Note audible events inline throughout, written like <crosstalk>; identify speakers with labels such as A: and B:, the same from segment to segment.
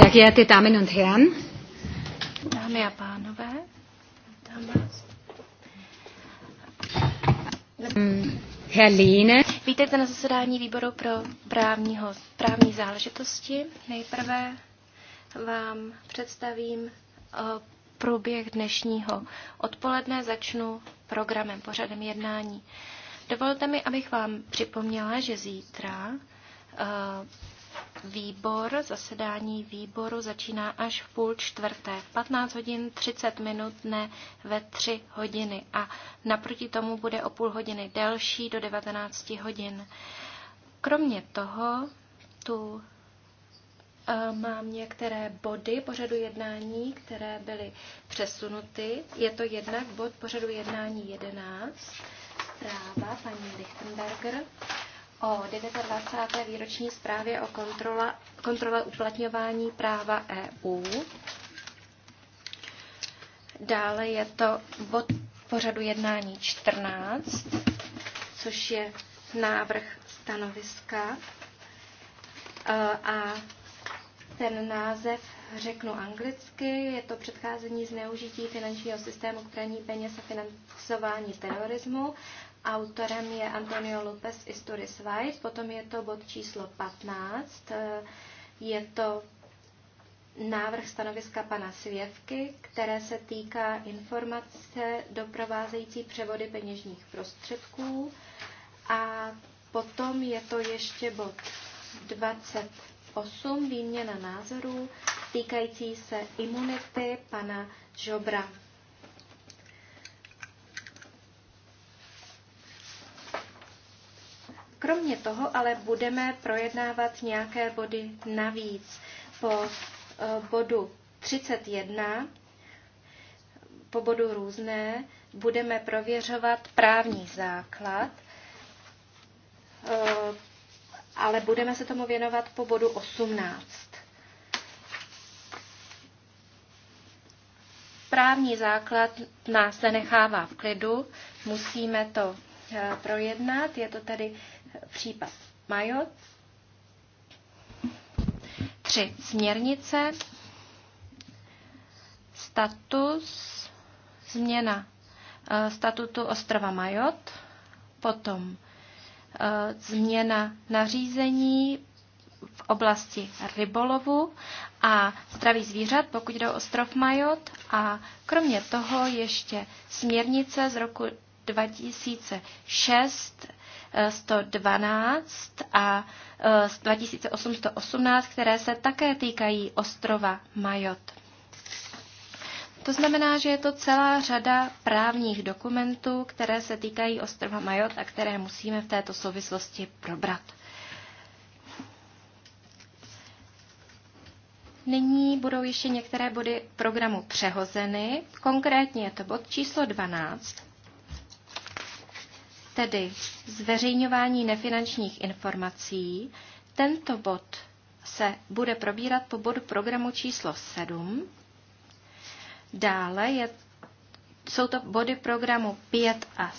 A: Sehr geehrte Damen und Herren,
B: Dame a pánové,
A: mm, Herr Lehne.
B: Vítejte na zasedání výboru pro právního, právní záležitosti. Nejprve vám představím eh, průběh dnešního odpoledne. Začnu programem, pořadem jednání. Dovolte mi, abych vám připomněla, že zítra eh, výbor, zasedání výboru začíná až v půl čtvrté, 15 hodin 30 minut, ne ve 3 hodiny. A naproti tomu bude o půl hodiny delší do 19 hodin. Kromě toho tu eh, mám některé body pořadu jednání, které byly přesunuty. Je to jednak bod pořadu jednání 11, zpráva paní Lichtenberger o 29. výroční zprávě o kontrola, kontrole uplatňování práva EU. Dále je to bod pořadu jednání 14, což je návrh stanoviska e, a ten název řeknu anglicky, je to předcházení zneužití finančního systému k praní peněz a financování terorismu. Autorem je Antonio López Isturis White, potom je to bod číslo 15, eh, je to návrh stanoviska pana Svěvky, které se týká informace doprovázející převody peněžních prostředků. A potom je to ještě bod 28, výměna názorů týkající se imunity pana Žobra. Kromě toho ale budeme projednávat nějaké body navíc. Po eh, bodu 31, po bodu různé, budeme prověřovat právní základ, eh, ale budeme se tomu věnovat po bodu 18. Právní základ nás nenechává v klidu, musíme to eh, projednat, je to tedy případ Majot, tři směrnice, status, změna eh, statutu ostrova Majot, potom eh, změna nařízení v oblasti rybolovu a zdraví zvířat, pokud jde o ostrov Majot. A kromě toho ještě směrnice z roku 2006 112 a 2818, e, které se také týkají ostrova Majot. To znamená, že je to celá řada právních dokumentů, které se týkají ostrova Majot a které musíme v této souvislosti probrat. Nyní budou ještě některé body programu přehozeny. Konkrétně je to bod číslo 12 tedy zveřejňování nefinančních informací. Tento bod se bude probírat po bodu programu číslo 7. Dále je jsou to body programu 5 a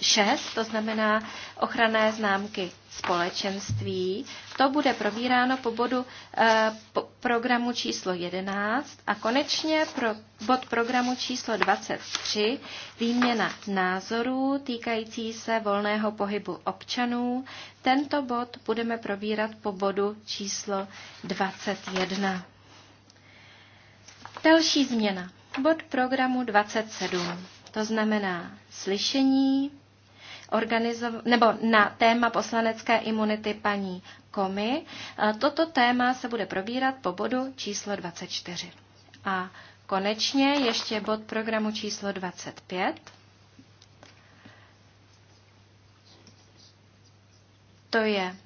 B: 6, to znamená ochranné známky společenství. To bude probíráno po bodu eh, po programu číslo 11 a konečně pro bod programu číslo 23 výměna názorů týkající se volného pohybu občanů. Tento bod budeme probírat po bodu číslo 21. Další změna. Bod programu 27, to znamená slyšení organizov- nebo na téma poslanecké imunity paní Komy. E, toto téma se bude probírat po bodu číslo 24. A konečně ještě bod programu číslo 25. To je e,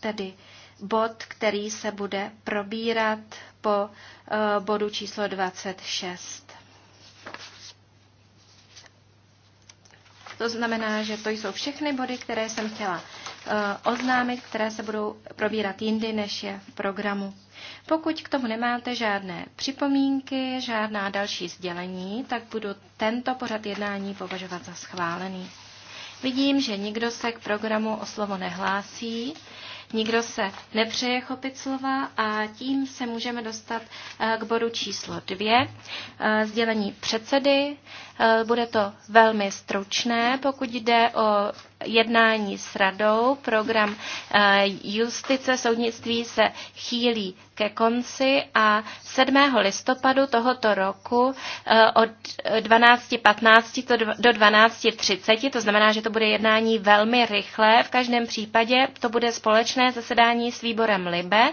B: tedy bod, který se bude probírat po eh, bodu číslo 26. To znamená, že to jsou všechny body, které jsem chtěla eh, oznámit, které se budou probírat jindy, než je v programu. Pokud k tomu nemáte žádné připomínky, žádná další sdělení, tak budu tento pořad jednání považovat za schválený. Vidím, že nikdo se k programu o slovo nehlásí. Nikdo se nepřeje chopit slova a tím se můžeme dostat eh, k bodu číslo dvě. Eh, sdělení předsedy. Eh, bude to velmi stručné, pokud jde o jednání s radou. Program eh, justice soudnictví se chýlí ke konci a 7. listopadu tohoto roku eh, od 12.15 do 12.30, to znamená, že to bude jednání velmi rychlé. V každém případě to bude společné zasedání s výborem LIBE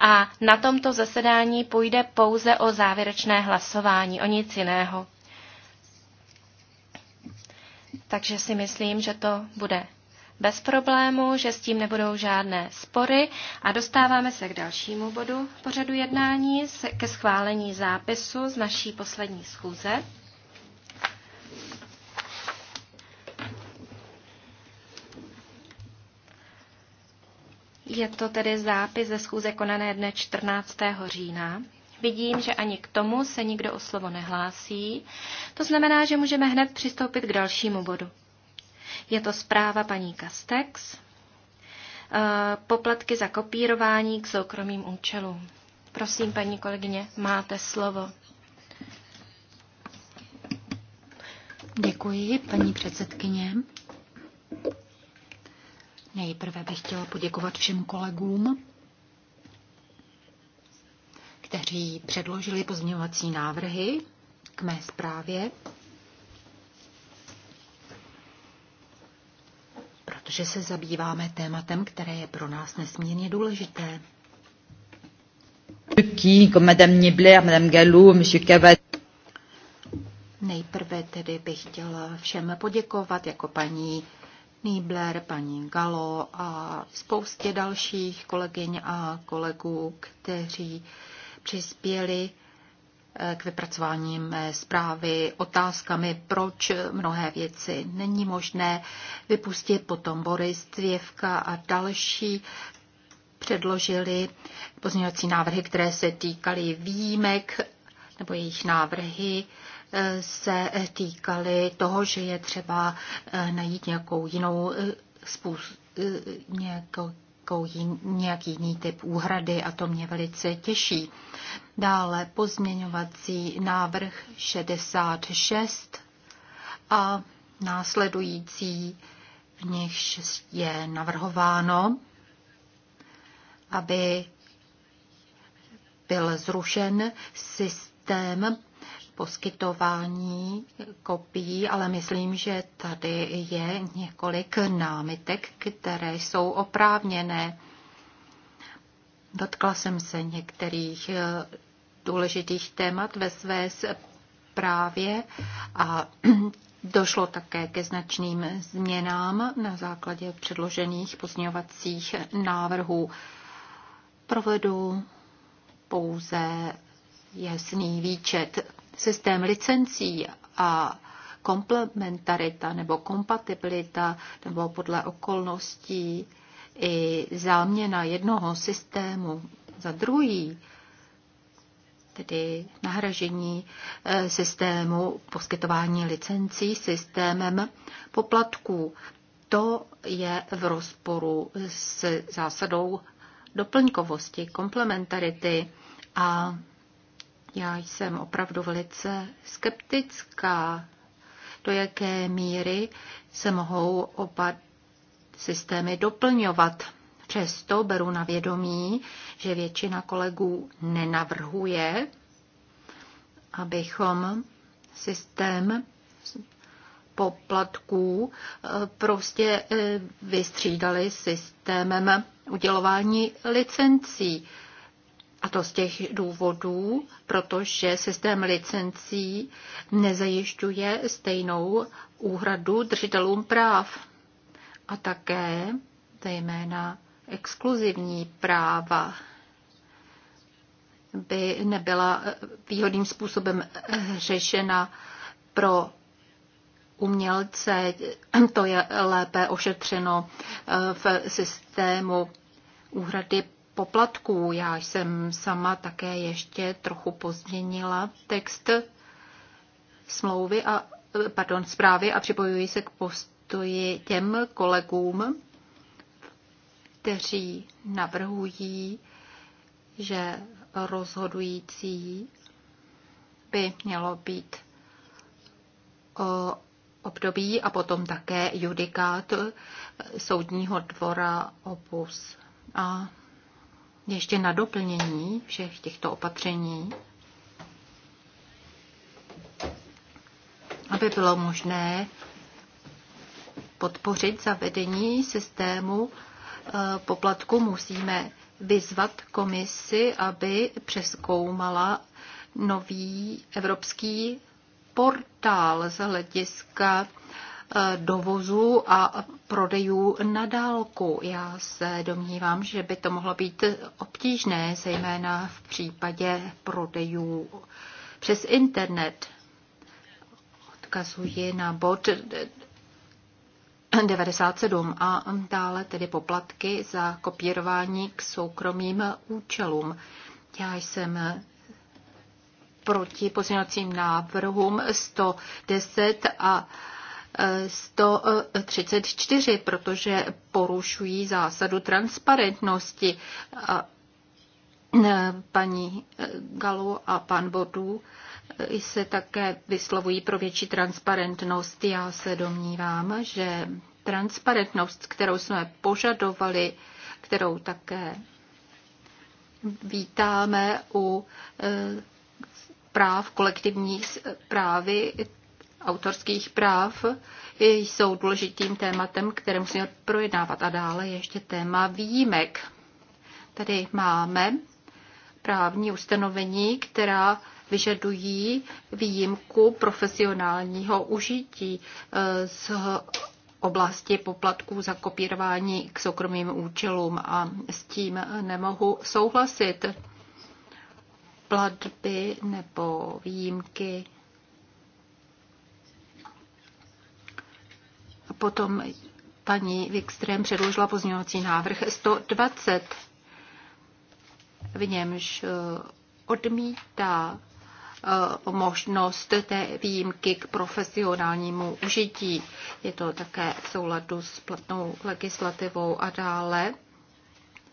B: a na tomto zasedání půjde pouze o závěrečné hlasování, o nic jiného takže si myslím, že to bude bez problému, že s tím nebudou žádné spory a dostáváme se k dalšímu bodu pořadu jednání, ke schválení zápisu z naší poslední schůze. Je to tedy zápis ze schůze konané dne 14. října. Vidím, že ani k tomu se nikdo o slovo nehlásí. To znamená, že můžeme hned přistoupit k dalšímu bodu. Je to zpráva paní Kastex. Eh, poplatky za kopírování k soukromým účelům. Prosím, paní kolegyně, máte slovo.
A: Děkuji, paní předsedkyně. Nejprve bych chtěla poděkovat všem kolegům, kteří předložili pozměňovací návrhy k mé zprávě, protože se zabýváme tématem, které je pro nás nesmírně důležité. Niebler, Nejprve tedy bych chtěla všem poděkovat jako paní Niebler, paní Galo a spoustě dalších kolegyň a kolegů, kteří přispěli eh, k vypracování mé zprávy otázkami, proč mnohé věci není možné vypustit. Potom Boris Cvěvka a další předložili pozměňovací návrhy, které se týkaly výjimek nebo jejich návrhy eh, se týkaly toho, že je třeba eh, najít nějakou jinou způsob, nějakou nějakou, nějaký jiný typ úhrady a to mě velice těší. Dále pozměňovací návrh 66 a následující, v nich je navrhováno, aby byl zrušen systém poskytování kopií, ale myslím, že tady je několik námitek, které jsou oprávněné. Dotkla jsem se některých eh, důležitých témat ve své zprávě a <clears throat> došlo také ke značným změnám na základě předložených pozměňovacích návrhů. Provedu pouze jasný výčet systém licencí a komplementarita nebo kompatibilita nebo podle okolností i záměna jednoho systému za druhý, tedy nahražení eh, systému poskytování licencí systémem poplatků. To je v rozporu s zásadou doplňkovosti, komplementarity a já jsem opravdu velice skeptická, do jaké míry se mohou oba systémy doplňovat. Přesto beru na vědomí, že většina kolegů nenavrhuje, abychom systém poplatků eh, prostě eh, vystřídali systémem udělování licencí. A to z těch důvodů, protože systém licencí nezajišťuje stejnou úhradu držitelům práv a také zejména exkluzivní práva by nebyla eh, výhodným způsobem eh, řešena pro umělce. To je lépe ošetřeno eh, v systému úhrady poplatků. Já jsem sama také ještě trochu pozměnila text smlouvy a, pardon, zprávy a připojuji se k postoji těm kolegům, kteří navrhují, že rozhodující by mělo být období a potom také judikát soudního dvora opus. A ještě na doplnění všech těchto opatření, aby bylo možné podpořit zavedení systému eh, poplatku, musíme vyzvat komisi, aby přeskoumala nový evropský portál z hlediska E, dovozu a prodejů na dálku. Já se domnívám, že by to mohlo být obtížné, zejména v případě prodejů přes internet. Odkazuji na bod 97 a dále tedy poplatky za kopírování k soukromým účelům. Já jsem proti pozměňovacím návrhům 110 a 134, protože porušují zásadu transparentnosti. E, paní Galu a pan Bodu se také vyslovují pro větší transparentnost. Já se domnívám, že transparentnost, kterou jsme požadovali, kterou také vítáme u e, práv kolektivní zprávy, autorských práv jsou důležitým tématem, které musíme projednávat. A dále ještě téma výjimek. Tady máme právní ustanovení, která vyžadují výjimku profesionálního užití eh, z oblasti poplatků za kopírování k soukromým účelům a s tím nemohu souhlasit. Platby nebo výjimky Potom paní Wikström předložila pozměňovací návrh 120. V němž eh, odmítá eh, možnost té výjimky k profesionálnímu užití. Je to také v souladu s platnou legislativou a dále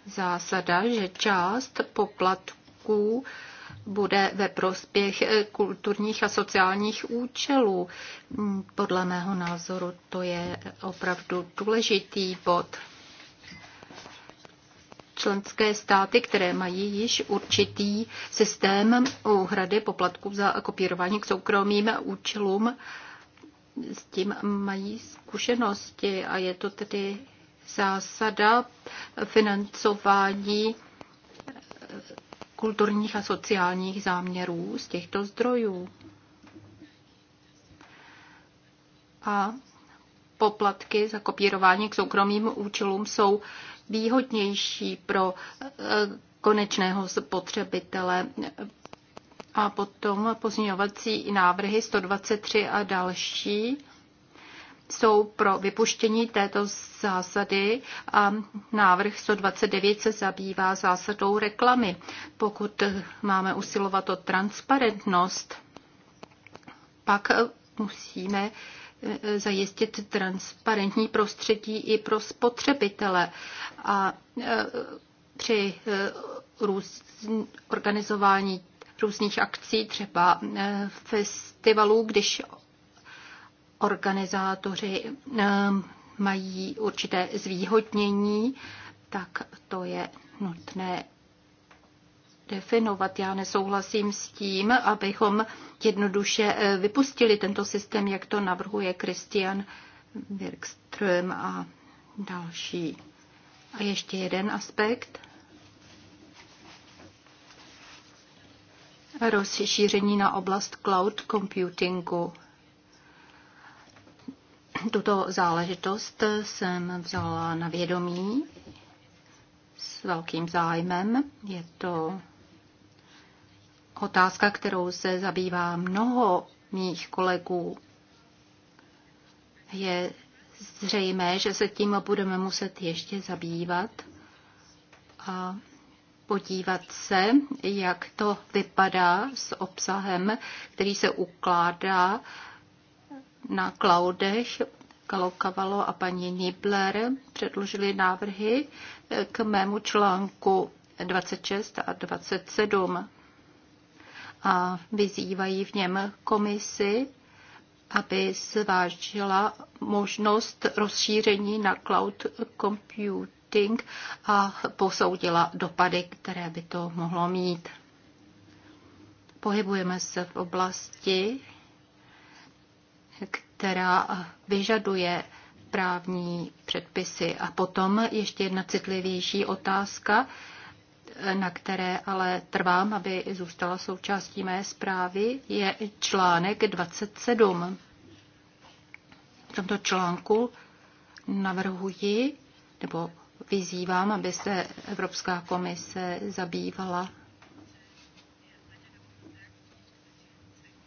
A: zásada, že část poplatků bude ve prospěch eh, kulturních a sociálních účelů. Mm, podle mého názoru to je opravdu důležitý bod. Členské státy, které mají již určitý systém úhrady poplatků za kopírování k soukromým účelům, s tím mají zkušenosti a je to tedy zásada financování kulturních a sociálních záměrů z těchto zdrojů. A poplatky za kopírování k soukromým účelům jsou výhodnější pro eh, konečného spotřebitele. A potom pozměňovací návrhy 123 a další jsou pro vypuštění této zásady a návrh 129 se zabývá zásadou reklamy. Pokud máme usilovat o transparentnost, pak musíme eh, zajistit transparentní prostředí i pro spotřebitele a eh, při eh, organizování různých akcí, třeba festivalů, když organizátoři ehm, mají určité zvýhodnění, tak to je nutné definovat. Já nesouhlasím s tím, abychom jednoduše eh, vypustili tento systém, jak to navrhuje Christian Birkström a další. A ještě jeden aspekt. Rozšíření na oblast cloud computingu. Tuto záležitost jsem vzala na vědomí s velkým zájmem. Je to otázka, kterou se zabývá mnoho mých kolegů. Je zřejmé, že se tím budeme muset ještě zabývat a podívat se, jak to vypadá s obsahem, který se ukládá na cloudech. Kalokavalo a paní Nibler předložili návrhy k mému článku 26 a 27 a vyzývají v něm komisi, aby zvážila možnost rozšíření na cloud computing a posoudila dopady, které by to mohlo mít. Pohybujeme se v oblasti, která vyžaduje právní předpisy. A potom ještě jedna citlivější otázka, na které ale trvám, aby zůstala součástí mé zprávy, je článek 27. V tomto článku navrhuji nebo vyzývám, aby se Evropská komise zabývala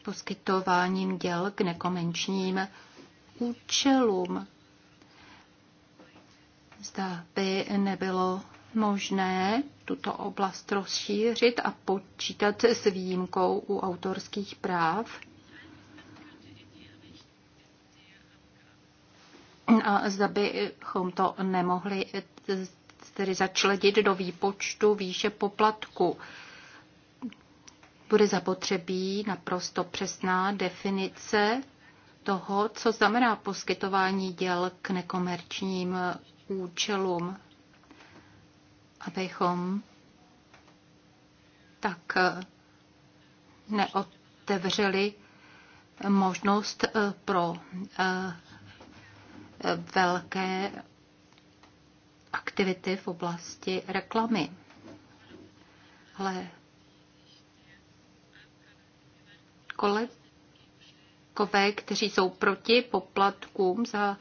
A: poskytováním děl k nekomenčním účelům. Zda by nebylo možné tuto oblast rozšířit a počítat s výjimkou u autorských práv. A zda bychom to nemohli tedy začledit do výpočtu výše poplatku bude zapotřebí naprosto přesná definice toho, co znamená poskytování děl k nekomerčním účelům, abychom tak neotevřeli možnost eh, pro eh, velké aktivity v oblasti reklamy. Ale Kolegové, kteří jsou proti poplatkům za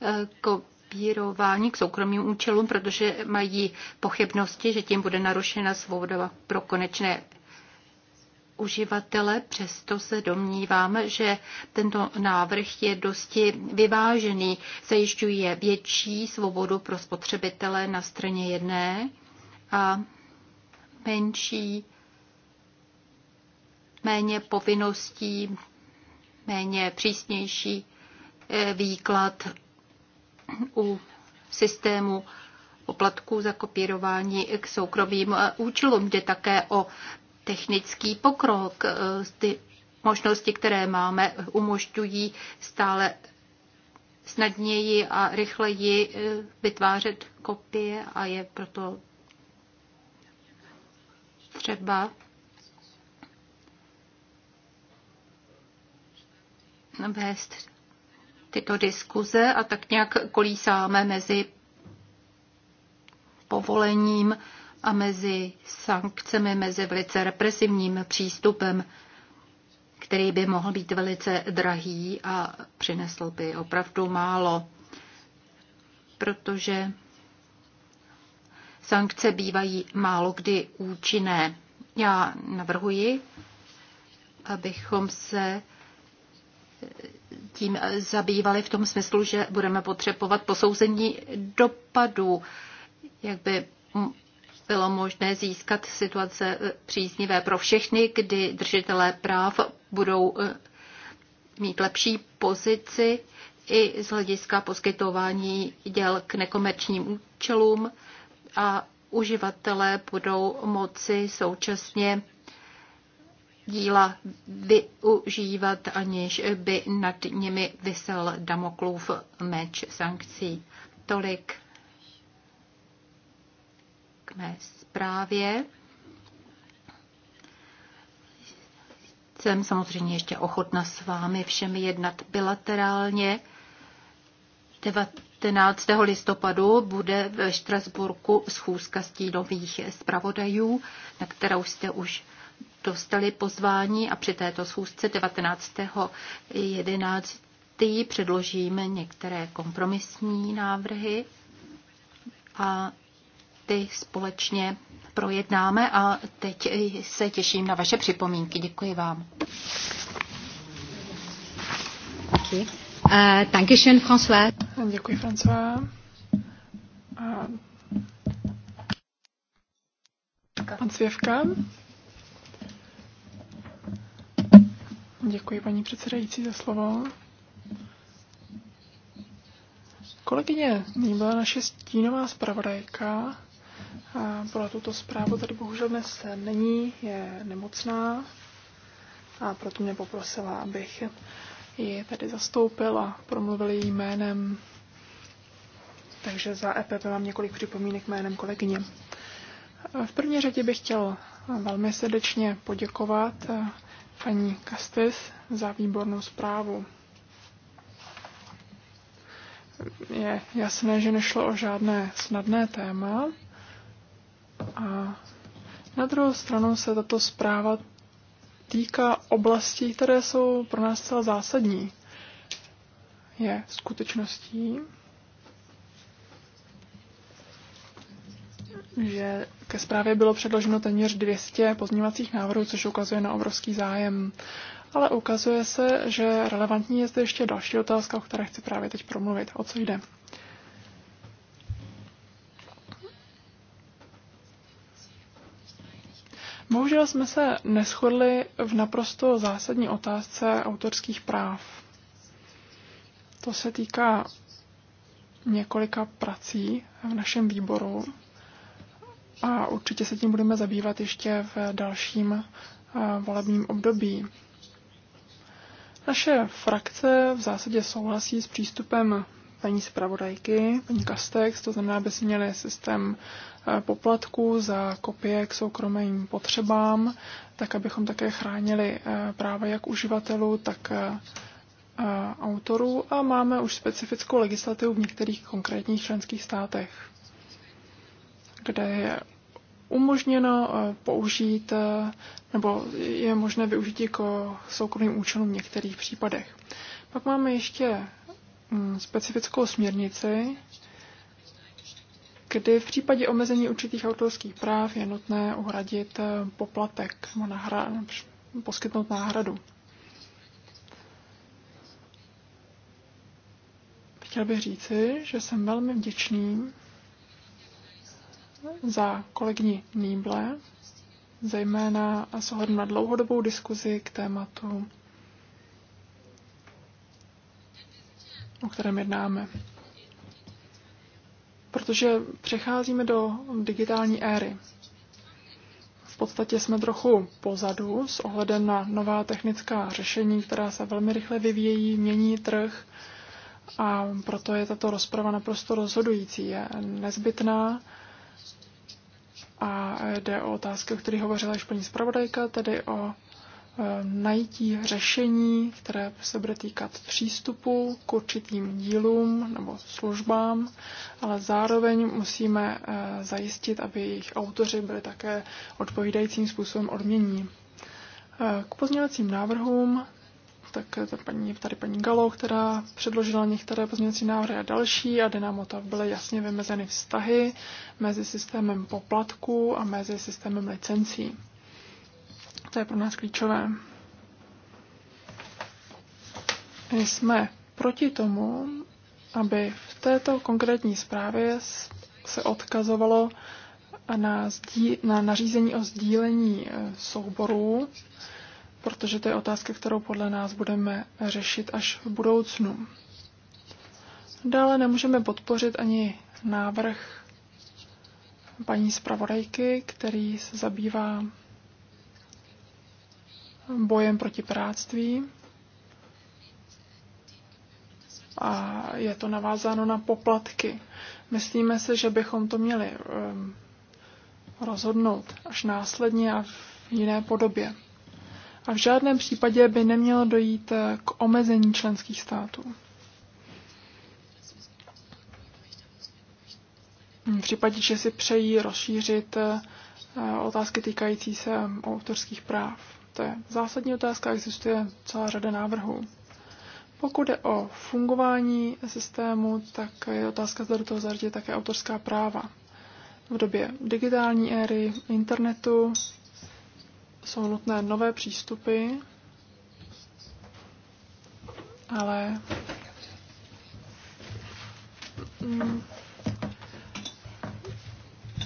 A: eh, kopírování k soukromým účelům, protože mají pochybnosti, že tím bude narušena svoboda pro konečné uživatele, přesto se domnívám, že tento návrh je dosti vyvážený, zajišťuje větší svobodu pro spotřebitele na straně jedné a menší méně povinností, méně přísnější eh, výklad u systému poplatků za kopírování k soukromým eh, účelům. Jde také o technický pokrok. Eh, ty možnosti, které máme, umožňují stále snadněji a rychleji vytvářet kopie a je proto třeba vést tyto diskuze a tak nějak kolísáme mezi povolením a mezi sankcemi, mezi velice represivním přístupem, který by mohl být velice drahý a přinesl by opravdu málo, protože sankce bývají málo kdy účinné. Já navrhuji, abychom se tím zabývali v tom smyslu, že budeme potřebovat posouzení dopadů, jak by bylo možné získat situace e, příznivé pro všechny, kdy držitelé práv budou e, mít lepší pozici i z hlediska poskytování děl k nekomerčním účelům a uživatelé budou moci současně díla využívat, aniž by nad nimi vysel Damoklův meč sankcí. Tolik k mé zprávě. Jsem samozřejmě ještě ochotna s vámi všemi jednat bilaterálně. 19. listopadu bude ve Štrasburku schůzka stínových zpravodajů, na kterou jste už dostali pozvání a při této schůzce 11. předložíme některé kompromisní návrhy a ty společně projednáme a teď se těším na vaše připomínky. Děkuji vám.
C: Děkuji. Uh, François. Děkuji, François. Uh, pan Svěvka. Děkuji paní předsedající za slovo. Kolegyně byla naše stínová zpravodajka. Byla tuto zprávu tady bohužel dnes není, je nemocná a proto mě poprosila, abych ji tady zastoupil a promluvil jí jménem. Takže za EPP mám několik připomínek jménem kolegyně. V první řadě bych chtěl velmi srdečně poděkovat paní Kastes za výbornou zprávu. Je jasné, že nešlo o žádné snadné téma a na druhou stranu se tato zpráva týká oblastí, které jsou pro nás celá zásadní. Je skutečností, že ke zprávě bylo předloženo téměř 200 pozměňovacích návrhů, což ukazuje na obrovský zájem. Ale ukazuje se, že relevantní je zde ještě další otázka, o které chci právě teď promluvit. O co jde? Bohužel jsme se neschodli v naprosto zásadní otázce autorských práv. To se týká několika prací v našem výboru, a určitě se tím budeme zabývat ještě v dalším eh, volebním období. Naše frakce v zásadě souhlasí s přístupem paní zpravodajky, paní Kastex, to znamená, aby si měli systém eh, poplatků za kopie k soukromým potřebám, tak abychom také chránili eh, práva jak uživatelů, tak autorů a máme už specifickou legislativu v některých konkrétních členských státech, kde je umožněno eh, použít eh, nebo je možné využít k soukromým účelům v některých případech. Pak máme ještě mm, specifickou směrnici, kdy v případě omezení určitých autorských práv je nutné uhradit eh, poplatek nebo nahra, poskytnout náhradu. Chtěl bych říci, že jsem velmi vděčný za kolegyni Nýble, zejména s ohledem na dlouhodobou diskuzi k tématu, o kterém jednáme. Protože přecházíme do digitální éry. V podstatě jsme trochu pozadu s ohledem na nová technická řešení, která se velmi rychle vyvíjejí, mění trh a proto je tato rozprava naprosto rozhodující. Je nezbytná a jde o otázky, o kterých hovořila již paní zpravodajka, tedy o e, najítí řešení, které se bude týkat přístupu k určitým dílům nebo službám, ale zároveň musíme e, zajistit, aby jejich autoři byli také odpovídajícím způsobem odmění. E, k pozměňovacím návrhům tak paní, tady paní Galo, která předložila některé pozměňovací návrhy a další a jde nám o to, byly jasně vymezeny vztahy mezi systémem poplatků a mezi systémem licencí. To je pro nás klíčové. My jsme proti tomu, aby v této konkrétní zprávě se odkazovalo na, sdí, na nařízení o sdílení eh, souborů, protože to je otázka, kterou podle nás budeme řešit až v budoucnu. Dále nemůžeme podpořit ani návrh paní zpravodajky, který se zabývá bojem proti práctví. A je to navázáno na poplatky. Myslíme se, že bychom to měli ehm, rozhodnout až následně a v jiné podobě a v žádném případě by nemělo dojít eh, k omezení členských států. V případě, že si přejí rozšířit eh, otázky týkající se eh, autorských práv. To je zásadní otázka, existuje celá řada návrhů. Pokud je o fungování systému, tak je otázka, zda do toho zařadit také autorská práva. V době digitální éry, internetu jsou nutné nové přístupy, ale mm,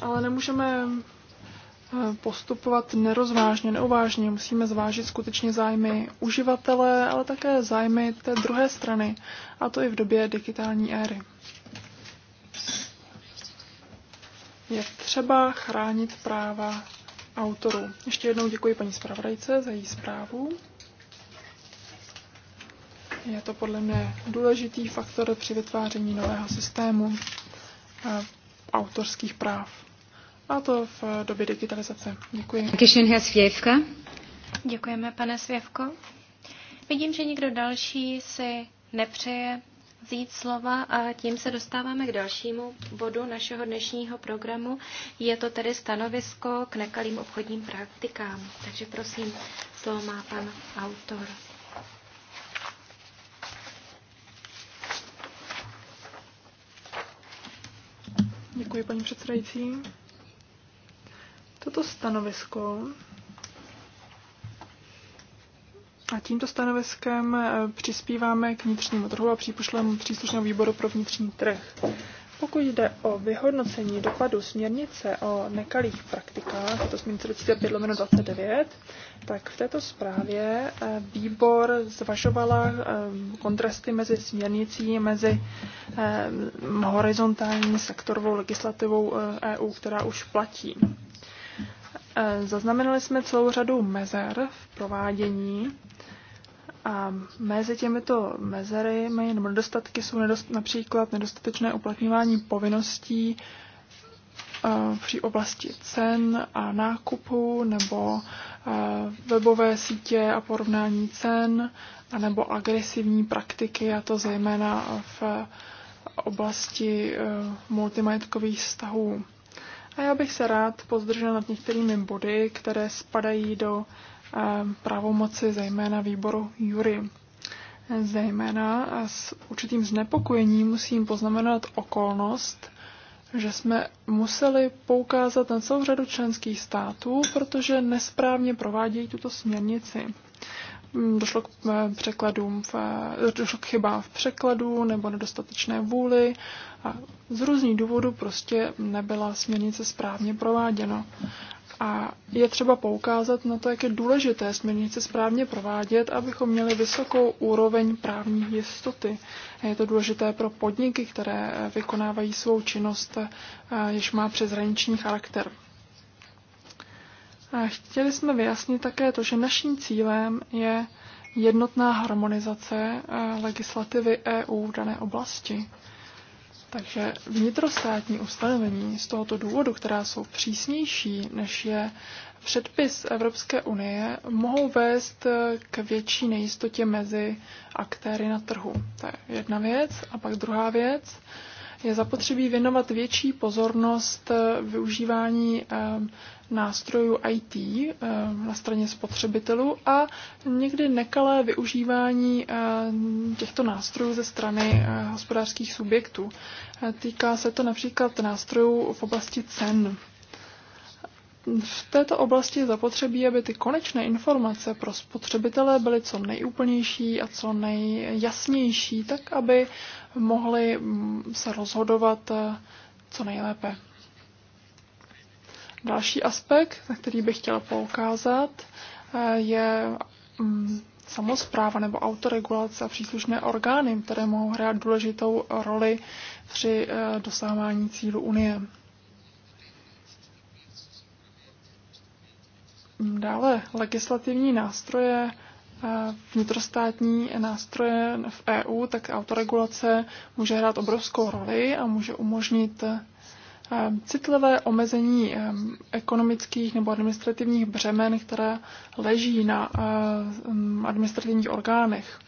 C: ale nemůžeme eh, postupovat nerozvážně, neuvážně. Musíme zvážit skutečně zájmy uživatele, ale také zájmy té druhé strany, a to i v době digitální éry. Je třeba chránit práva autorů. Ještě jednou děkuji paní zpravodajce za její zprávu. Je to podle mě důležitý faktor při vytváření nového systému eh, autorských práv. A to v době digitalizace. Děkuji.
B: Děkujeme, pane Svěvko. Vidím, že někdo další si nepřeje vzít slova a tím se dostáváme k dalšímu bodu našeho dnešního programu. Je to tedy stanovisko k nekalým obchodním praktikám. Takže prosím, slovo má pan autor.
C: Děkuji, paní předsedající. Toto stanovisko a tímto stanoviskem e, přispíváme k vnitřnímu trhu a přípušlému příslušnému výboru pro vnitřní trh. Pokud jde o vyhodnocení dopadu směrnice o nekalých praktikách, je to směrnice 35 29, tak v této zprávě e, výbor zvažovala e, kontrasty mezi směrnicí, mezi horizontální sektorovou legislativou EU, která už platí. Zaznamenali jsme celou řadu mezer v provádění a mezi těmito mezery nebo nedostatky jsou nedost, například nedostatečné uplatňování povinností e, při oblasti cen a nákupu nebo e, webové sítě a porovnání cen nebo agresivní praktiky a to zejména v oblasti e, multimajetkových vztahů. A já bych se rád pozdržel nad některými body, které spadají do Eh, pravomoci zejména výboru Jury. Zejména s určitým znepokojením musím poznamenat okolnost, že jsme museli poukázat na celou řadu členských států, protože nesprávně provádějí tuto směrnici. Mm, došlo k, eh, překladům v, eh, došlo k chybám v překladu nebo nedostatečné vůli a z různých důvodů prostě nebyla směrnice správně prováděna. A je třeba poukázat na to, jak je důležité směrnice správně provádět, abychom měli vysokou úroveň právní jistoty. Je to důležité pro podniky, které eh, vykonávají svou činnost, eh, jež má přeshraniční charakter. A chtěli jsme vyjasnit také to, že naším cílem je jednotná harmonizace eh, legislativy EU v dané oblasti. Takže vnitrostátní ustanovení z tohoto důvodu, která jsou přísnější než je předpis Evropské unie, mohou vést k větší nejistotě mezi aktéry na trhu. To je jedna věc. A pak druhá věc je zapotřebí věnovat větší pozornost eh, využívání eh, nástrojů IT eh, na straně spotřebitelů a někdy nekalé využívání těchto nástrojů ze strany hospodářských subjektů. Týká se to například nástrojů v oblasti cen v této oblasti zapotřebí, aby ty konečné informace pro spotřebitele byly co nejúplnější a co nejjasnější, tak aby mohli mm, se rozhodovat eh, co nejlépe. Další aspekt, na který bych chtěla poukázat, eh, je mm, samozpráva nebo autoregulace a příslušné orgány, které mohou hrát důležitou roli při eh, dosahování cílu Unie. Mm, dále legislativní nástroje, eh, vnitrostátní nástroje v EU, tak autoregulace může hrát obrovskou roli a může umožnit eh, citlivé omezení eh, ekonomických nebo administrativních břemen, které leží na administrativních orgánech.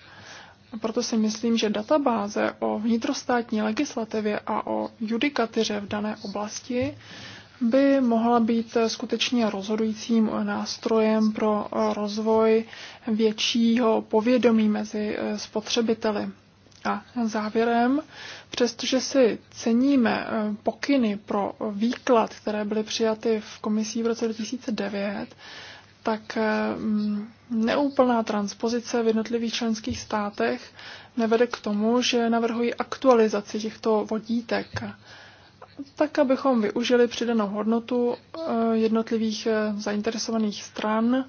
C: Proto si myslím, že databáze o vnitrostátní legislativě a o judikatyře v dané oblasti by mohla být skutečně rozhodujícím nástrojem pro rozvoj většího povědomí mezi eh, spotřebiteli. A závěrem, přestože si ceníme eh, pokyny pro výklad, které byly přijaty v komisí v roce 2009, tak eh, mm, neúplná transpozice v jednotlivých členských státech nevede k tomu, že navrhují aktualizaci těchto vodítek tak abychom využili přidanou hodnotu eh, jednotlivých eh, zainteresovaných stran eh,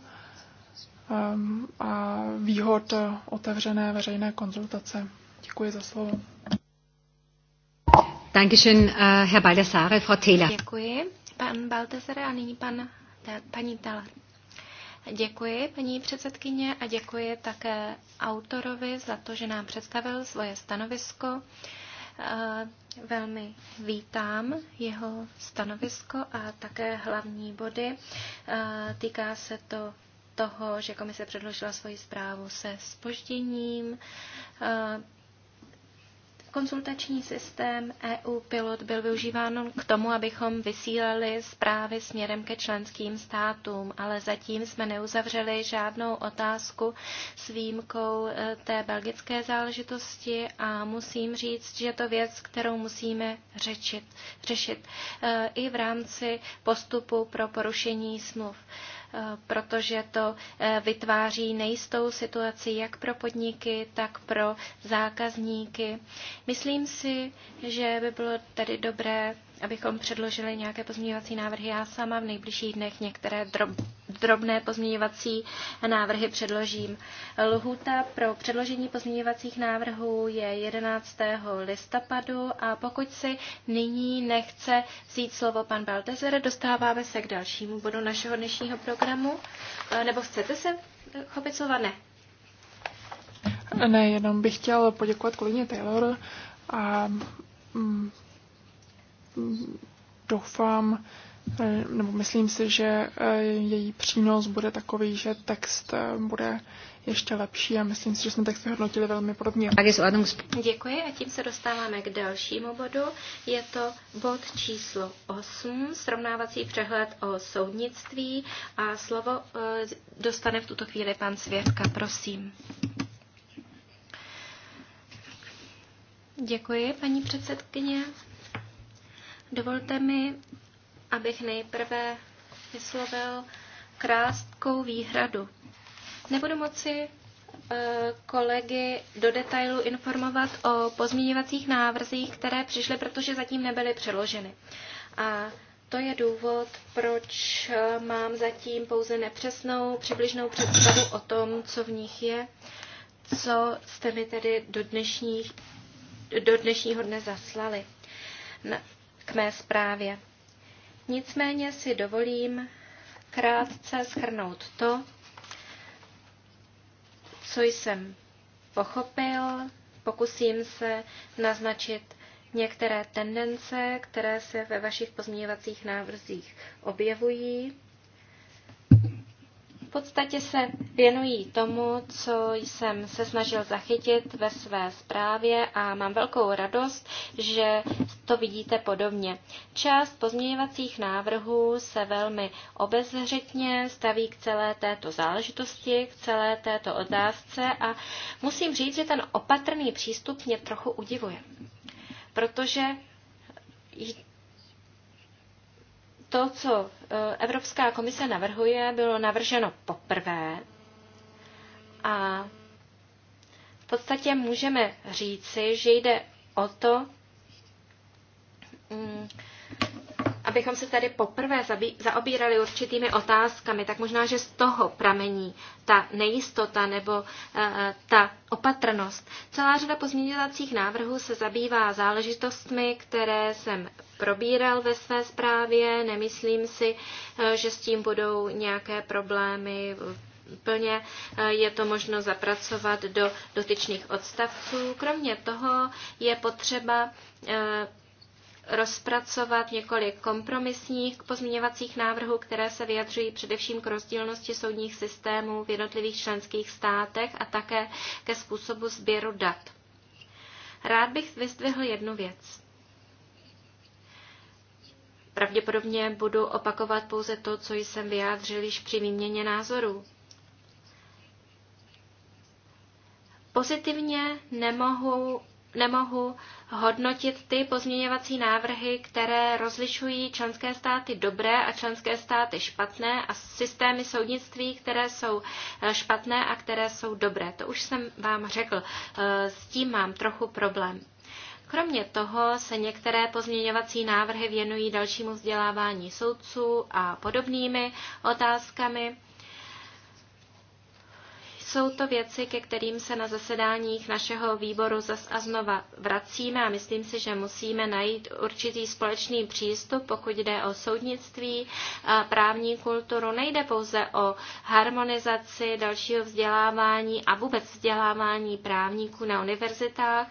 C: a výhod otevřené veřejné konzultace. Děkuji za slovo.
B: Dankeschön, Herr Baldassare, Frau Taylor. Děkuji, pan Baldassare a nyní pan, paní Taylor. Děkuji, paní předsedkyně, a děkuji také autorovi za to, že nám představil svoje stanovisko velmi vítám jeho stanovisko a také hlavní body. Eh, týká se to toho, že komise předložila svoji zprávu se spožděním. Eh, Konzultační systém EU Pilot byl využíván k tomu, abychom vysílali zprávy směrem ke členským státům, ale zatím jsme neuzavřeli žádnou otázku s výjimkou eh, té belgické záležitosti a musím říct, že je to věc, kterou musíme řečit, řešit eh, i v rámci postupu pro porušení smluv protože to eh, vytváří nejistou situaci jak pro podniky, tak pro zákazníky. Myslím si, že by bylo tady dobré abychom předložili nějaké pozměňovací návrhy. Já sama v nejbližších dnech některé drobné pozměňovací návrhy předložím. Lhuta pro předložení pozměňovacích návrhů je 11. listopadu a pokud si nyní nechce vzít slovo pan Baltezer, dostáváme se k dalšímu bodu našeho dnešního programu. E, nebo chcete se chopit slova? Ne.
C: Ne, jenom bych chtěl poděkovat kolegyně Taylor a mm, doufám, eh, nebo myslím si, že eh, její přínos bude takový, že text eh, bude ještě lepší a myslím si, že jsme text vyhodnotili velmi podobně.
B: Děkuji a tím se dostáváme k dalšímu bodu. Je to bod číslo 8, srovnávací přehled o soudnictví a slovo dostane v tuto chvíli pan Svědka, prosím. Děkuji, paní předsedkyně. Dovolte mi, abych nejprve vyslovil krátkou výhradu. Nebudu moci eh, kolegy do detailu informovat o pozměňovacích návrzích, které přišly, protože zatím nebyly přeloženy. A to je důvod, proč eh, mám zatím pouze nepřesnou, přibližnou představu o tom, co v nich je, co jste mi tedy do, dnešních, do dnešního dne zaslali mé zprávě. Nicméně si dovolím krátce schrnout to, co jsem pochopil, pokusím se naznačit některé tendence, které se ve vašich pozměňovacích návrzích objevují podstatě se věnují tomu, co jsem se snažil zachytit ve své zprávě a mám velkou radost, že to vidíte podobně. Část pozměňovacích návrhů se velmi obezřetně staví k celé této záležitosti, k celé této otázce a musím říct, že ten opatrný přístup mě trochu udivuje, protože to, co e, Evropská komise navrhuje, bylo navrženo poprvé a v podstatě můžeme říci, že jde o to, mm, abychom se tady poprvé zaobírali určitými otázkami, tak možná, že z toho pramení ta nejistota nebo eh, ta opatrnost. Celá řada pozměňovacích návrhů se zabývá záležitostmi, které jsem probíral ve své zprávě. Nemyslím si, eh, že s tím budou nějaké problémy plně eh, je to možno zapracovat do dotyčných odstavců. Kromě toho je potřeba rozpracovat několik kompromisních pozměňovacích návrhů, které se vyjadřují především k rozdílnosti soudních systémů v jednotlivých členských státech a také ke způsobu sběru dat. Rád bych vyzdvihl jednu věc. Pravděpodobně budu opakovat pouze to, co jsem vyjádřil již při výměně názorů. Pozitivně nemohu nemohu hodnotit ty pozměňovací návrhy, které rozlišují členské státy dobré a členské státy špatné a systémy soudnictví, které jsou eh, špatné a které jsou dobré. To už jsem vám řekl. Eh, s tím mám trochu problém. Kromě toho se některé pozměňovací návrhy věnují dalšímu vzdělávání soudců a podobnými otázkami. Jsou to věci, ke kterým se na zasedáních našeho výboru zas a znova vracíme a myslím si, že musíme najít určitý společný přístup, pokud jde o soudnictví, právní kulturu. Nejde pouze o harmonizaci dalšího vzdělávání a vůbec vzdělávání právníků na univerzitách,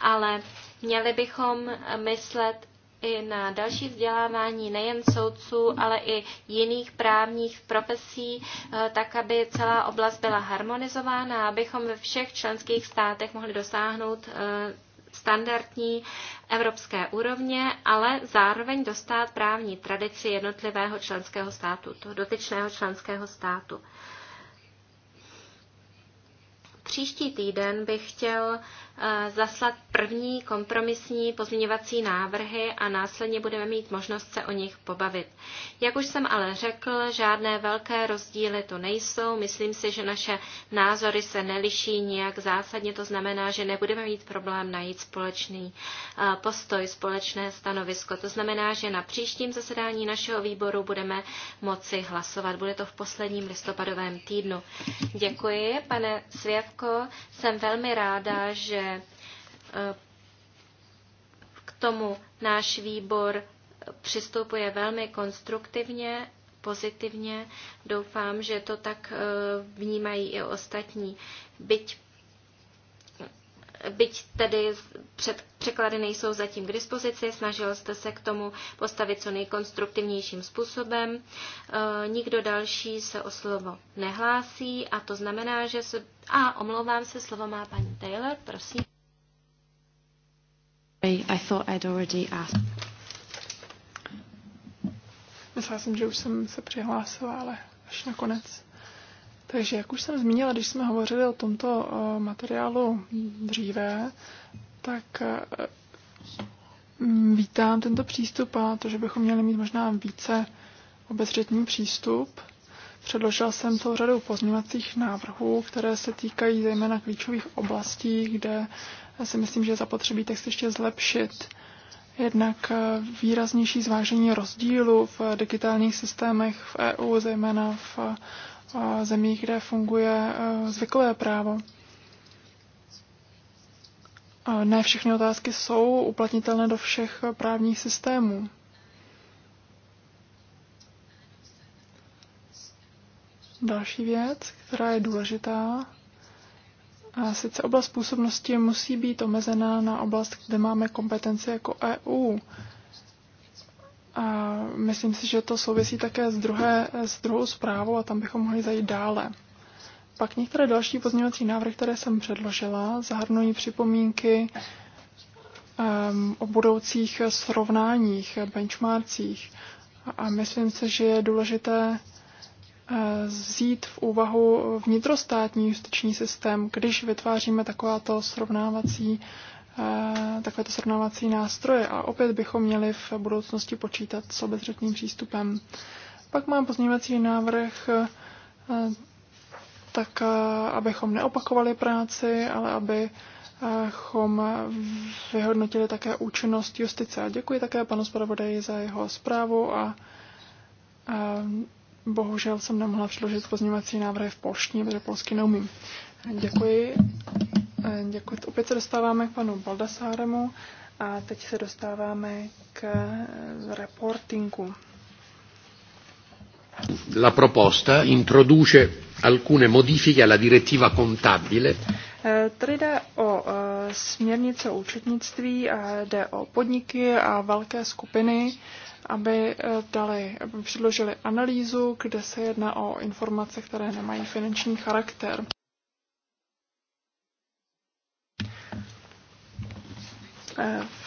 B: ale měli bychom myslet i na další vzdělávání nejen soudců, ale i jiných právních profesí, eh, tak aby celá oblast byla harmonizována abychom ve všech členských státech mohli dosáhnout eh, standardní evropské úrovně, ale zároveň dostat právní tradici jednotlivého členského státu, toho dotyčného členského státu. Příští týden bych chtěl zaslat první kompromisní pozměňovací návrhy a následně budeme mít možnost se o nich pobavit. Jak už jsem ale řekl, žádné velké rozdíly tu nejsou. Myslím si, že naše názory se neliší nijak zásadně. To znamená, že nebudeme mít problém najít společný eh, postoj, společné stanovisko. To znamená, že na příštím zasedání našeho výboru budeme moci hlasovat. Bude to v posledním listopadovém týdnu. Děkuji, pane Svěvko. Jsem velmi ráda, že Eh, k tomu náš výbor přistupuje velmi konstruktivně, pozitivně. Doufám, že to tak eh, vnímají i ostatní. Byť byť tedy před překlady nejsou zatím k dispozici, snažil jste se k tomu postavit co nejkonstruktivnějším způsobem. E, nikdo další se o slovo nehlásí a to znamená, že se... A omlouvám se, slovo má paní
C: Taylor, prosím.
A: I thought I'd already asked.
C: Myslela jsem, že už jsem se přihlásila, ale až na konec. Takže, jak už jsem zmínila, když jsme hovořili o tomto materiálu dříve, tak e, vítám tento přístup a to, že bychom měli mít možná více obezřetný přístup. Předložila jsem celou řadu pozměňovacích návrhů, které se týkají zejména klíčových oblastí, kde si myslím, že zapotřebí text ještě zlepšit. Jednak e, výraznější zvážení rozdílu v digitálních systémech v EU, zejména v zemí, kde funguje eh, zvykové právo. Ne všechny otázky jsou uplatnitelné do všech eh, právních systémů. Další věc, která je důležitá, a sice oblast působnosti musí být omezená na oblast, kde máme kompetenci jako EU. A myslím si, že to souvisí také s, druhé, s druhou zprávou a tam bychom mohli zajít dále. Pak některé další pozměňovací návrhy, které jsem předložila, zahrnují připomínky um, o budoucích srovnáních, benchmarkcích. A myslím si, že je důležité eh, vzít v úvahu vnitrostátní justiční systém, když vytváříme takováto srovnávací takovéto srovnávací nástroje a opět bychom měli v budoucnosti počítat s obezřetným přístupem. Pak mám pozměňovací návrh eh, tak, eh, abychom neopakovali práci, ale abychom eh, vyhodnotili také účinnost justice. A děkuji také panu zpravodaji za jeho zprávu a bohužel jsem nemohla předložit pozměňovací návrhy v polštině, protože polsky neumím. Děkuji Eh, děkuji. Opět se dostáváme k panu Baldasáremu a teď se dostáváme k eh, reportingu. La proposta introduce alcune modifiche alla direttiva contabile. Eh, tady jde o směrnice účetnictví a jde o podniky a velké skupiny, aby dali, aby předložili analýzu, kde se jedná o informace, které nemají finanční charakter.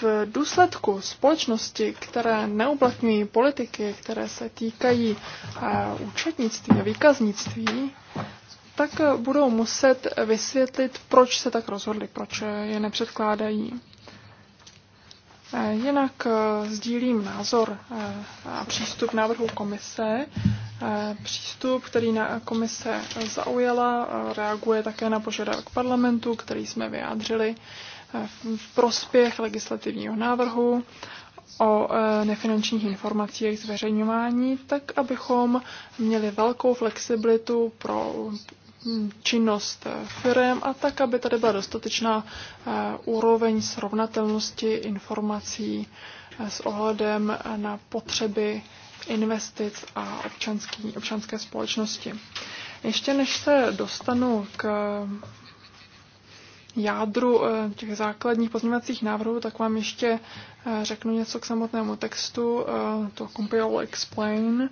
C: V důsledku společnosti, které neuplatňují politiky, které se týkají eh, účetnictví a výkaznictví, tak budou muset vysvětlit, proč se tak rozhodli, proč je nepředkládají. Eh, jinak eh, sdílím názor a přístup návrhu komise. Přístup, který na komise zaujala, reaguje také na požadavek parlamentu, který jsme vyjádřili v prospěch legislativního návrhu o e, nefinančních informacích jejich zveřejňování, tak abychom měli velkou flexibilitu pro činnost firm a tak, aby tady byla dostatečná e, úroveň srovnatelnosti informací e, s ohledem na potřeby investic a občanský, občanské společnosti. Ještě než se dostanu k jádru eh, těch základních pozměňovacích návrhů, tak vám ještě eh, řeknu něco k samotnému textu, eh, to Compile Explain,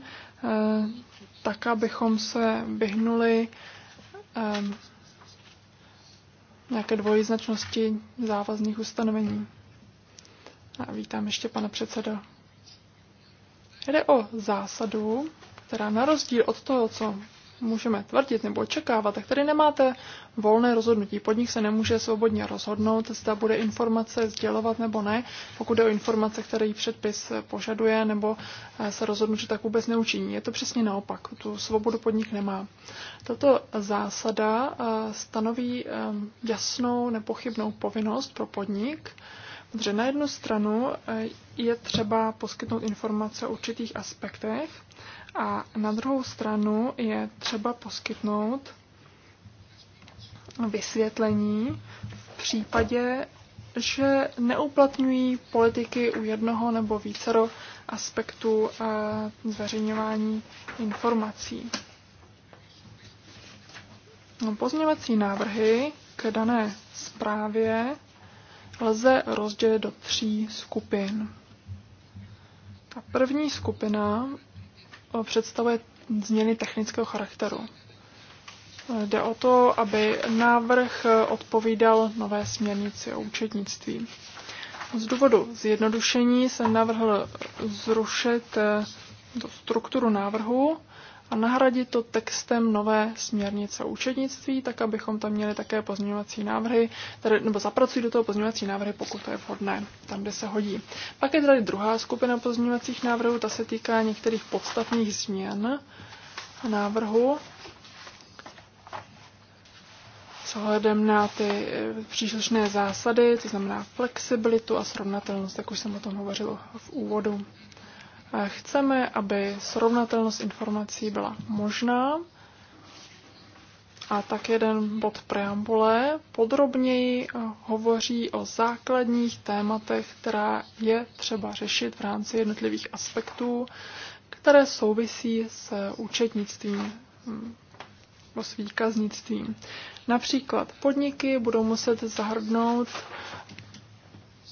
C: tak abychom se vyhnuli nějaké dvojiznačnosti závazných ustanovení. A vítám ještě pana předseda. Jde o zásadu, která na rozdíl od toho, co můžeme tvrdit nebo očekávat, tak tady nemáte volné rozhodnutí. Podnik se nemůže svobodně rozhodnout, zda bude informace sdělovat nebo ne, pokud je o informace, které předpis požaduje, nebo eh, se rozhodnu, že tak vůbec neučiní. Je to přesně naopak. Tu svobodu podnik nemá. Tato zásada eh, stanoví eh, jasnou, nepochybnou povinnost pro podnik, protože na jednu stranu je třeba poskytnout informace o určitých aspektech, a na druhou stranu je třeba poskytnout vysvětlení v případě, že neuplatňují politiky u jednoho nebo vícero aspektů eh, zveřejňování informací. No, Pozměvací návrhy k dané zprávě lze rozdělit do tří skupin. Ta první skupina představuje změny technického charakteru. Jde o to, aby návrh odpovídal nové směrnici o účetnictví. Z důvodu zjednodušení jsem navrhl zrušit do eh, strukturu návrhu a nahradit to textem nové směrnice o účetnictví, tak abychom tam měli také pozměňovací návrhy, tady, nebo zapracují do toho pozměňovací návrhy, pokud to je vhodné, tam, kde se hodí. Pak je tady druhá skupina pozměňovacích návrhů, ta se týká některých podstatných změn návrhu s ohledem na ty eh, příslušné zásady, to znamená flexibilitu a srovnatelnost, jak už jsem o tom hovořil v úvodu. Chceme, aby srovnatelnost informací byla možná. A tak jeden bod preambule podrobněji eh, hovoří o základních tématech, která je třeba řešit v rámci jednotlivých aspektů, které souvisí s účetnictvím nebo hm, s výkaznictvím. Například podniky budou muset zahrnout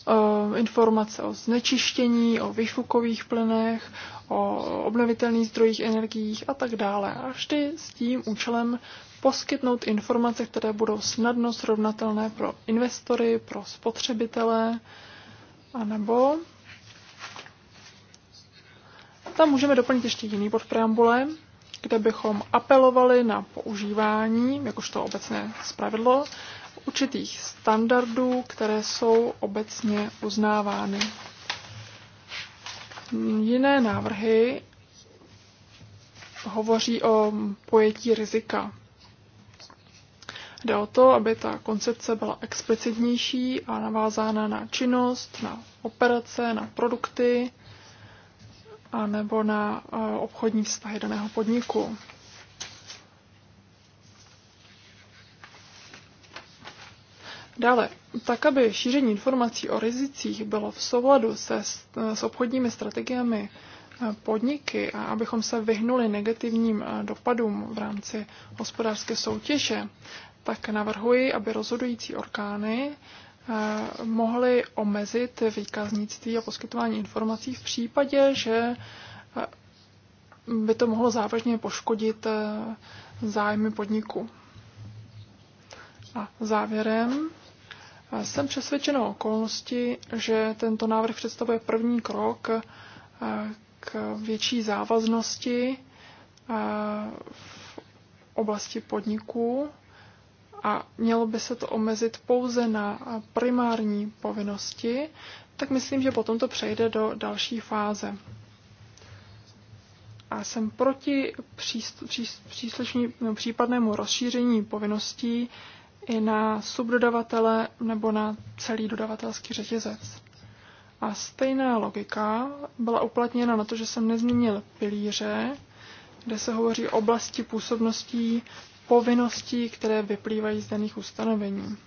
C: Eh, informace o znečištění, o vyfukových plynech, o obnovitelných zdrojích energiích a tak dále. A vždy s tím účelem poskytnout informace, které budou snadno srovnatelné pro investory, pro spotřebitele, anebo tam můžeme doplnit ještě jiný bod preambule, kde bychom apelovali na používání, jakožto obecné spravedlo, určitých standardů, které jsou obecně uznávány. Jiné návrhy hovoří o pojetí rizika. Jde o to, aby ta koncepce byla explicitnější a navázána na činnost, na operace, na produkty a nebo na eh, obchodní vztahy daného podniku. Dále, tak aby šíření informací o rizicích bylo v souladu se, s obchodními strategiemi eh, podniky a abychom se vyhnuli negativním eh, dopadům v rámci hospodářské soutěže, tak navrhuji, aby rozhodující orgány eh, mohly omezit výkaznictví a poskytování informací v případě, že by to mohlo závažně poškodit zájmy podniku. A závěrem jsem přesvědčena o okolnosti, že tento návrh představuje první krok eh, k větší závaznosti eh, v oblasti podniků a mělo by se to omezit pouze na primární povinnosti, tak myslím, že potom to přejde do další fáze. A jsem proti příslušní, no, případnému rozšíření povinností i na subdodavatele nebo na celý dodavatelský řetězec. A stejná logika byla uplatněna na to, že jsem nezmínil pilíře, kde se hovoří o oblasti působností, povinností, které vyplývají z daných ustanovení.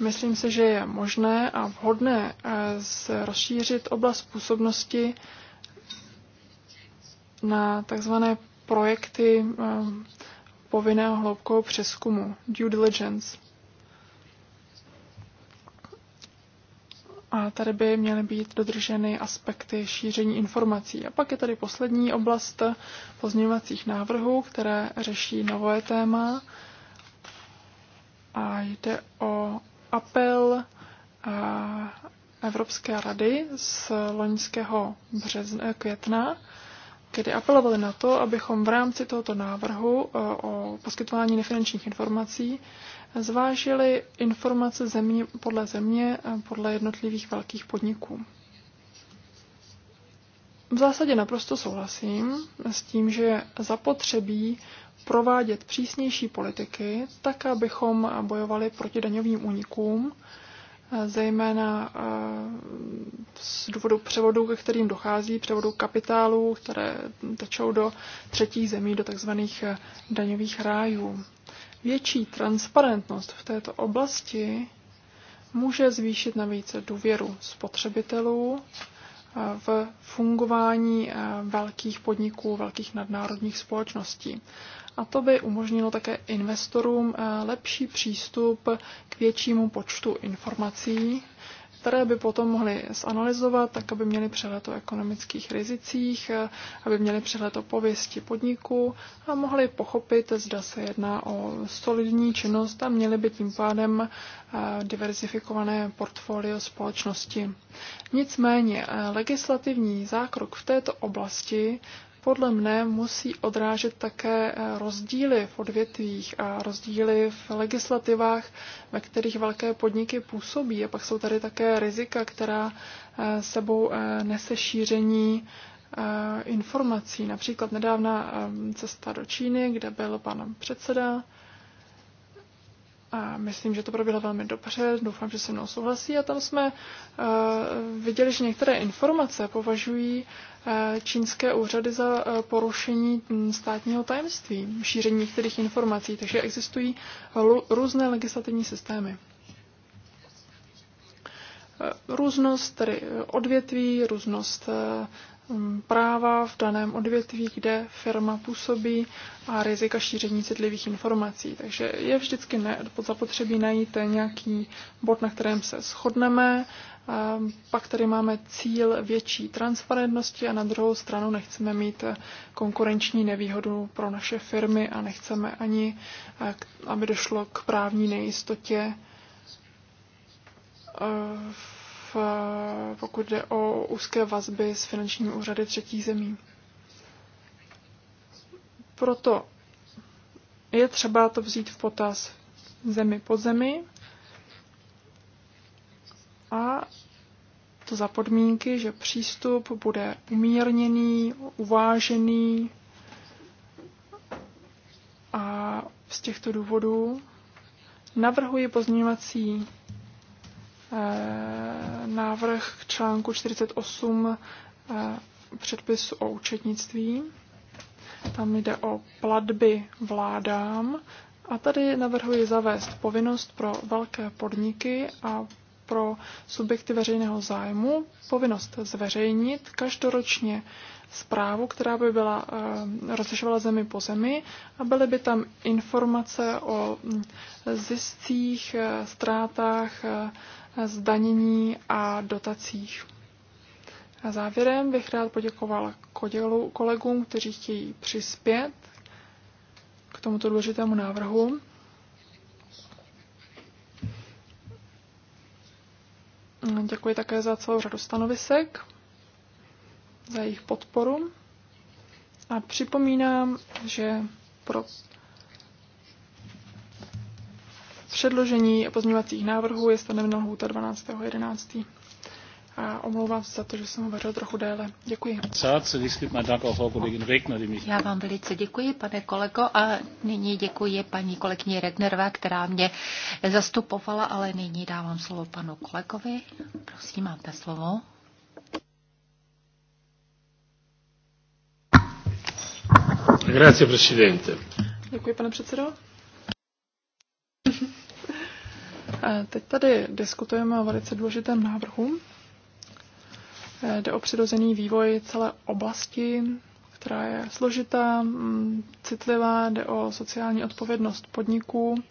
C: Myslím si, že je možné a vhodné eh, rozšířit oblast působnosti na takzvané projekty eh, povinného hloubkového přeskumu, due diligence. A tady by měly být dodrženy aspekty šíření informací. A pak je tady poslední oblast pozměňovacích návrhů, které řeší nové téma. A jde o apel Evropské rady z loňského března, května, kdy apelovali na to, abychom v rámci tohoto návrhu e, o poskytování nefinančních informací zvážili informace země, podle země a podle jednotlivých velkých podniků. V zásadě naprosto souhlasím s tím, že zapotřebí provádět přísnější politiky, tak abychom bojovali proti daňovým únikům, zejména eh, z důvodu převodu, ke kterým dochází, převodu kapitálu, které tečou do třetích zemí, do takzvaných eh, daňových rájů. Větší transparentnost v této oblasti může zvýšit navíc důvěru spotřebitelů eh, v fungování eh, velkých podniků, velkých nadnárodních společností. A to by umožnilo také investorům eh, lepší přístup k většímu počtu informací které by potom mohli zanalizovat, tak aby měli přehled o ekonomických rizicích, aby měli přehled o pověsti podniku a mohli pochopit, zda se jedná o solidní činnost a měli by tím pádem eh, diverzifikované portfolio společnosti. Nicméně eh, legislativní zákrok v této oblasti podle mne musí odrážet také eh, rozdíly v odvětvích a rozdíly v legislativách, ve kterých velké podniky působí. A pak jsou tady také rizika, která eh, sebou eh, nese šíření informací. Například nedávna cesta do Číny, kde byl pan předseda a myslím, že to proběhlo velmi dobře, doufám, že se mnou souhlasí. A tam jsme eh, viděli, že některé informace považují eh, čínské úřady za eh, porušení mm, státního tajemství, šíření některých informací, takže existují různé legislativní systémy. Různost tedy odvětví, různost Mm, práva v daném odvětví, kde firma působí a rizika šíření citlivých informací. Takže je vždycky ne, zapotřebí najít nějaký bod, na kterém se shodneme. Pak tady máme cíl větší transparentnosti a na druhou stranu nechceme mít konkurenční nevýhodu pro naše firmy a nechceme ani, aby došlo k právní nejistotě v v, eh, pokud jde o úzké vazby s finančními úřady třetí zemí. Proto je třeba to vzít v potaz zemi po zemi a to za podmínky, že přístup bude umírněný, uvážený a z těchto důvodů navrhuji pozměňovací Eh, návrh k článku 48 eh, předpisu o účetnictví. Tam jde o platby vládám. A tady navrhuji zavést povinnost pro velké podniky a pro subjekty veřejného zájmu povinnost zveřejnit každoročně zprávu, která by byla eh, rozlišovala zemi po zemi a byly by tam informace o ziscích, eh, ztrátách, eh, zdanění a dotacích. A závěrem bych rád poděkovala kolegům, kteří chtějí přispět k tomuto důležitému návrhu. Mm, děkuji také za celou řadu stanovisek, za jejich podporu. A připomínám, že pro předložení pozměňovacích návrhů je stanovena lhůta 12.11 a omlouvám se za to, že jsem hovořil trochu déle. Děkuji. Já vám velice děkuji, pane kolego, a
A: nyní děkuji paní kolegyně Regnerová, která mě zastupovala, ale nyní dávám slovo panu kolegovi. Prosím, máte slovo.
C: Grazie, presidente. Děkuji, pane předsedo. Teď tady diskutujeme o velice důležitém návrhu, Jde o přirozený vývoj celé oblasti, která je složitá, mm, citlivá, jde o sociální odpovědnost podniků.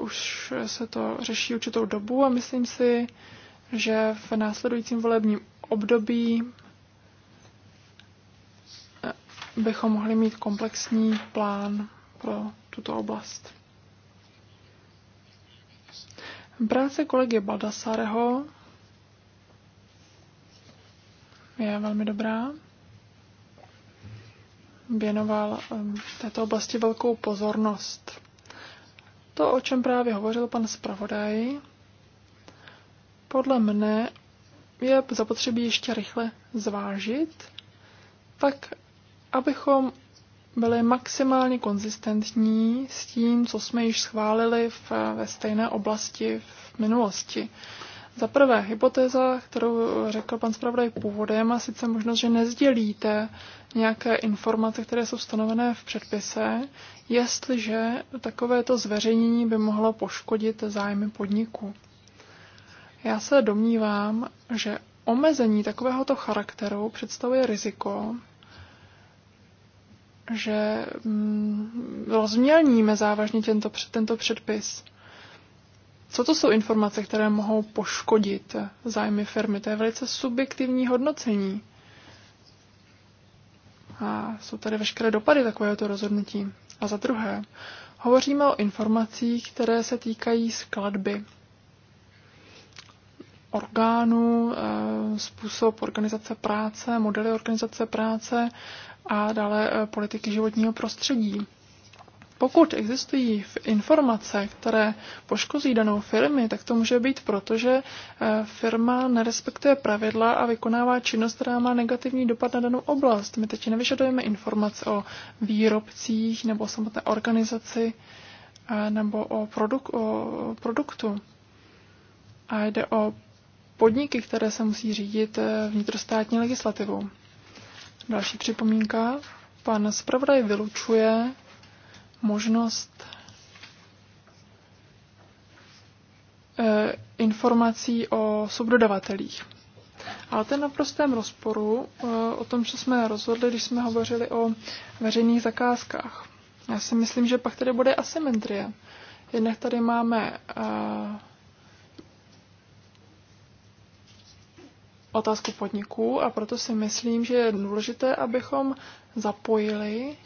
C: Už se to řeší určitou dobu a myslím si, že v následujícím volebním období eh, bychom mohli mít komplexní plán pro tuto oblast. Práce kolegy Baldasareho je velmi dobrá. Věnoval ehm, této oblasti velkou pozornost. To, o čem právě hovořil pan zpravodaj, podle mne je zapotřebí ještě rychle zvážit, tak abychom byli maximálně konzistentní s tím, co jsme již schválili v, ve stejné oblasti v minulosti. Za prvé, hypotéza, kterou řekl pan zpravodaj původem, a sice možnost, že nezdělíte nějaké informace, které jsou stanovené v předpise, jestliže takovéto zveřejnění by mohlo poškodit zájmy podniku. Já se domnívám, že omezení takovéhoto charakteru představuje riziko, že mm, rozmělníme závažně tento, tento předpis – co to jsou informace, které mohou poškodit zájmy firmy? To je velice subjektivní hodnocení. A jsou tady veškeré dopady takovéhoto rozhodnutí. A za druhé, hovoříme o informacích, které se týkají skladby orgánů, eh, způsob organizace práce, modely organizace práce a dále eh, politiky životního prostředí. Pokud existují informace, které poškozí danou firmy, tak to může být proto, že eh, firma nerespektuje pravidla a vykonává činnost, která má negativní dopad na danou oblast. My teď nevyžadujeme informace o výrobcích nebo o samotné organizaci eh, nebo o, produk- o produktu. A jde o podniky, které se musí řídit eh, vnitrostátní legislativou. Další připomínka. Pan zpravodaj vylučuje možnost eh, informací o subdodavatelích. Ale ten naprostém rozporu eh, o tom, co jsme rozhodli, když jsme hovořili o veřejných zakázkách. Já si myslím, že pak tady bude asymetrie. Jednak tady máme eh, otázku podniků a proto si myslím, že je důležité, abychom zapojili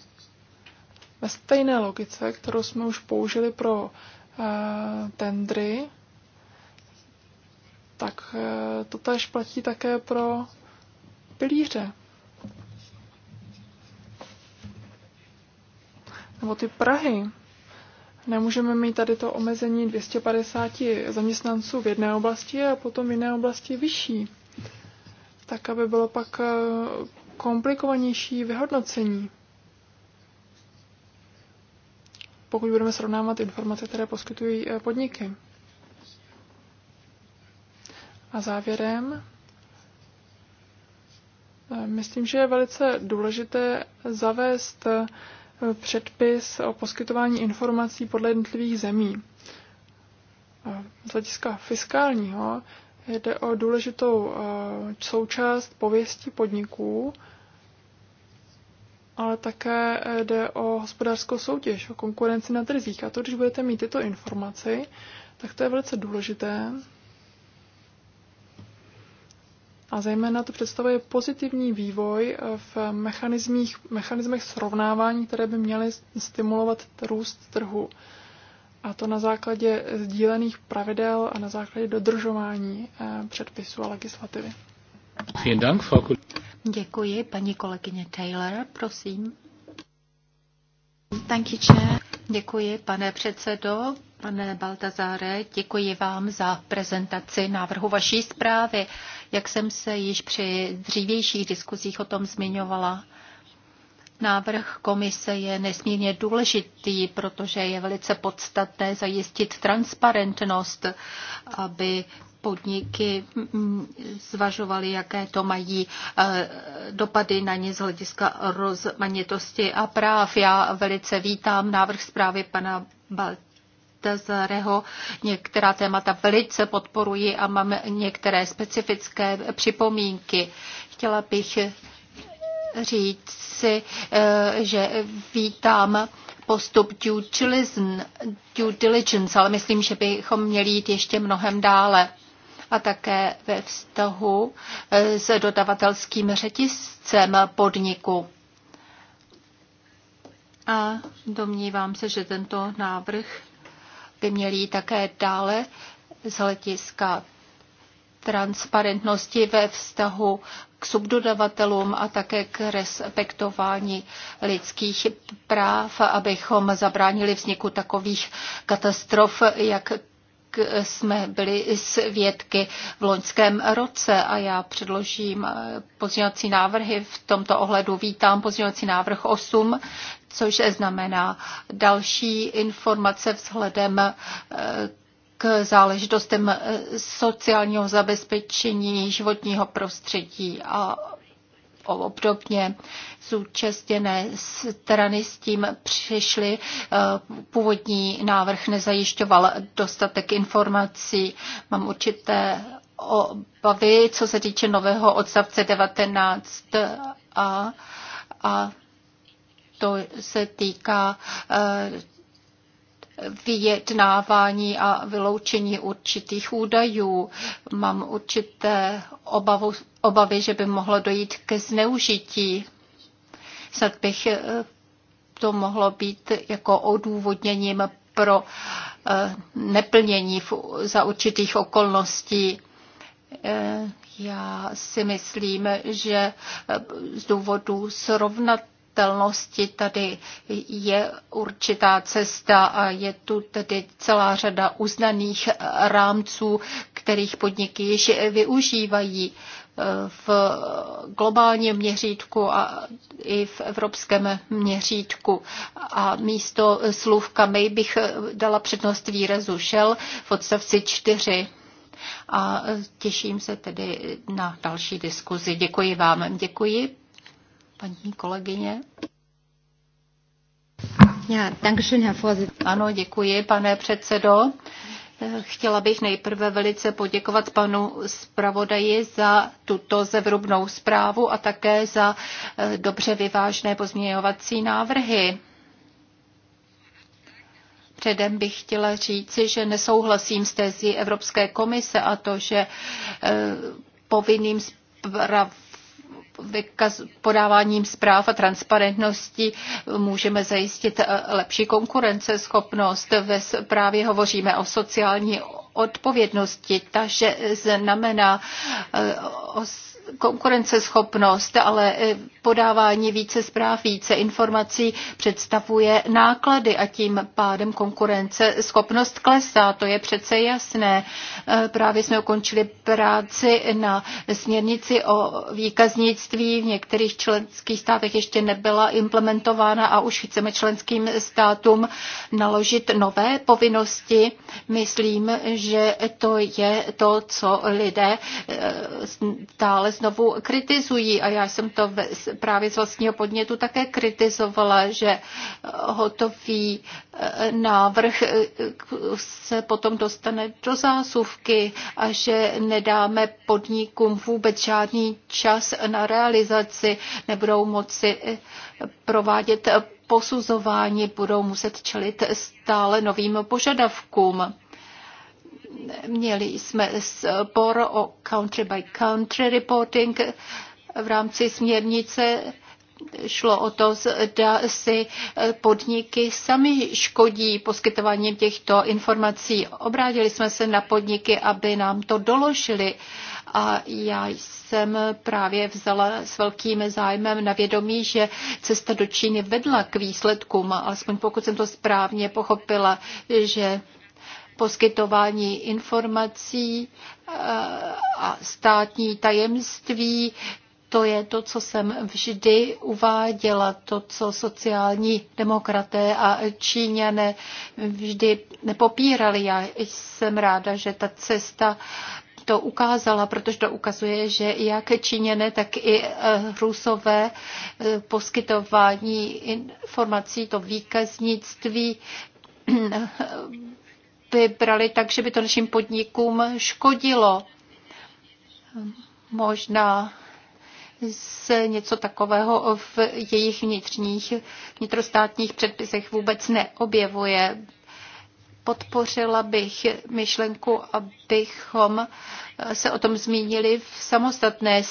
C: ve stejné logice, kterou jsme už použili pro e, tendry, tak e, to tež platí také pro pilíře. Nebo ty Prahy. Nemůžeme mít tady to omezení 250 zaměstnanců v jedné oblasti a potom v jiné oblasti vyšší. Tak, aby bylo pak eh, komplikovanější vyhodnocení. pokud budeme srovnávat informace, které poskytují eh, podniky. A závěrem, eh, myslím, že je velice důležité zavést eh, předpis o poskytování informací podle jednotlivých zemí. Z hlediska fiskálního jde o důležitou součást pověsti podniků ale také eh, jde o hospodářskou soutěž, o konkurenci na trzích. A to, když budete mít tyto informace, tak to je velice důležité. A zejména to představuje pozitivní vývoj eh, v mechanismech srovnávání, které by měly stimulovat růst trhu. A to na základě sdílených pravidel a na základě dodržování eh, předpisů a legislativy.
A: Vielen Dank, Frau Děkuji. Paní kolegyně Taylor, prosím. Děkuji, pane předsedo. Pane Baltazáre, děkuji vám za prezentaci návrhu vaší zprávy. Jak jsem se již při dřívějších diskuzích o tom zmiňovala, Návrh komise je nesmírně důležitý, protože je velice podstatné zajistit transparentnost, aby podniky zvažovaly, jaké to mají e, dopady na ně z hlediska rozmanitosti a práv. Já velice vítám návrh zprávy pana Balta Tezereho. Některá témata velice podporuji a mám některé specifické připomínky. Chtěla bych říct si, e, že vítám postup due diligence, ale myslím, že bychom měli jít ještě mnohem dále a také ve vztahu eh, s dodavatelským řetiscem podniku. A domnívám se, že tento návrh by měl jít také dále z hlediska transparentnosti ve vztahu k subdodavatelům a také k respektování lidských práv, abychom zabránili vzniku takových katastrof, jak jsme byli svědky v loňském roce a já předložím eh, pozměňovací návrhy. V tomto ohledu vítám pozměňovací návrh 8, což znamená další informace vzhledem eh, k záležitostem eh, sociálního zabezpečení, životního prostředí a obdobně zúčastněné strany s tím přišly. Eh, původní návrh nezajišťoval dostatek informací. Mám určité obavy, co se týče nového odstavce 19 a, a to se týká eh, vyjednávání a vyloučení určitých údajů. Mám určité obavu, obavy, že by mohlo dojít ke zneužití. Snad bych eh, to mohlo být jako odůvodněním pro eh, neplnění za určitých okolností. Eh, já si myslím, že z důvodu srovnat udržitelnosti tady je určitá cesta a je tu tedy celá řada uznaných rámců, kterých podniky již využívají eh, v globálním měřítku a i v evropském měřítku. A místo slůvka my bych dala přednost výrazu šel v odstavci 4. A těším se tedy na další diskuzi. Děkuji vám. Děkuji paní kolegyně. Já, dankeschön, Herr Vorsitz. Ano, děkuji, pane předsedo. Chtěla bych nejprve velice poděkovat panu zpravodaji za tuto zevrubnou zprávu a také za eh, dobře vyvážné pozměňovací návrhy. Předem bych chtěla říci, že nesouhlasím s tezí Evropské komise a to, že eh, povinným zprav vykaz, podáváním zpráv a transparentností můžeme zajistit eh, lepší konkurenceschopnost. Ve zprávě hovoříme o sociální odpovědnosti, takže znamená eh, os konkurenceschopnost, ale eh, podávání více zpráv, více informací představuje náklady a tím pádem konkurenceschopnost klesá. To je přece jasné. Eh, právě jsme ukončili práci na směrnici o výkaznictví. V některých členských státech ještě nebyla implementována a už chceme členským státům naložit nové povinnosti. Myslím, že to je to, co lidé eh, stále znovu kritizují. A já jsem to právě z vlastního podnětu také kritizovala, že eh, hotový eh, návrh eh, se potom dostane do zásuvky a že nedáme podnikům vůbec žádný čas na realizaci, nebudou moci provádět posuzování, budou muset čelit stále novým požadavkům. Měli jsme spor o country by country reporting v rámci směrnice šlo o to, zda si podniky sami škodí poskytováním těchto informací. Obrátili jsme se na podniky, aby nám to doložili. A já jsem právě vzala s velkým zájmem na vědomí, že cesta do Číny vedla k výsledkům, alespoň pokud jsem to správně pochopila, že poskytování informací eh, a státní tajemství. To je to, co jsem vždy uváděla, to, co sociální demokraté a Číňané vždy nepopírali. Já jsem ráda, že ta cesta to ukázala, protože to ukazuje, že jak Číňané, tak i eh, Rusové eh, poskytování informací, to výkaznictví <clears throat> brali tak, že by to našim podnikům škodilo. Možná se něco takového v jejich vnitřních, vnitrostátních předpisech vůbec neobjevuje. Podpořila bych myšlenku, abychom se o tom zmínili v samostatné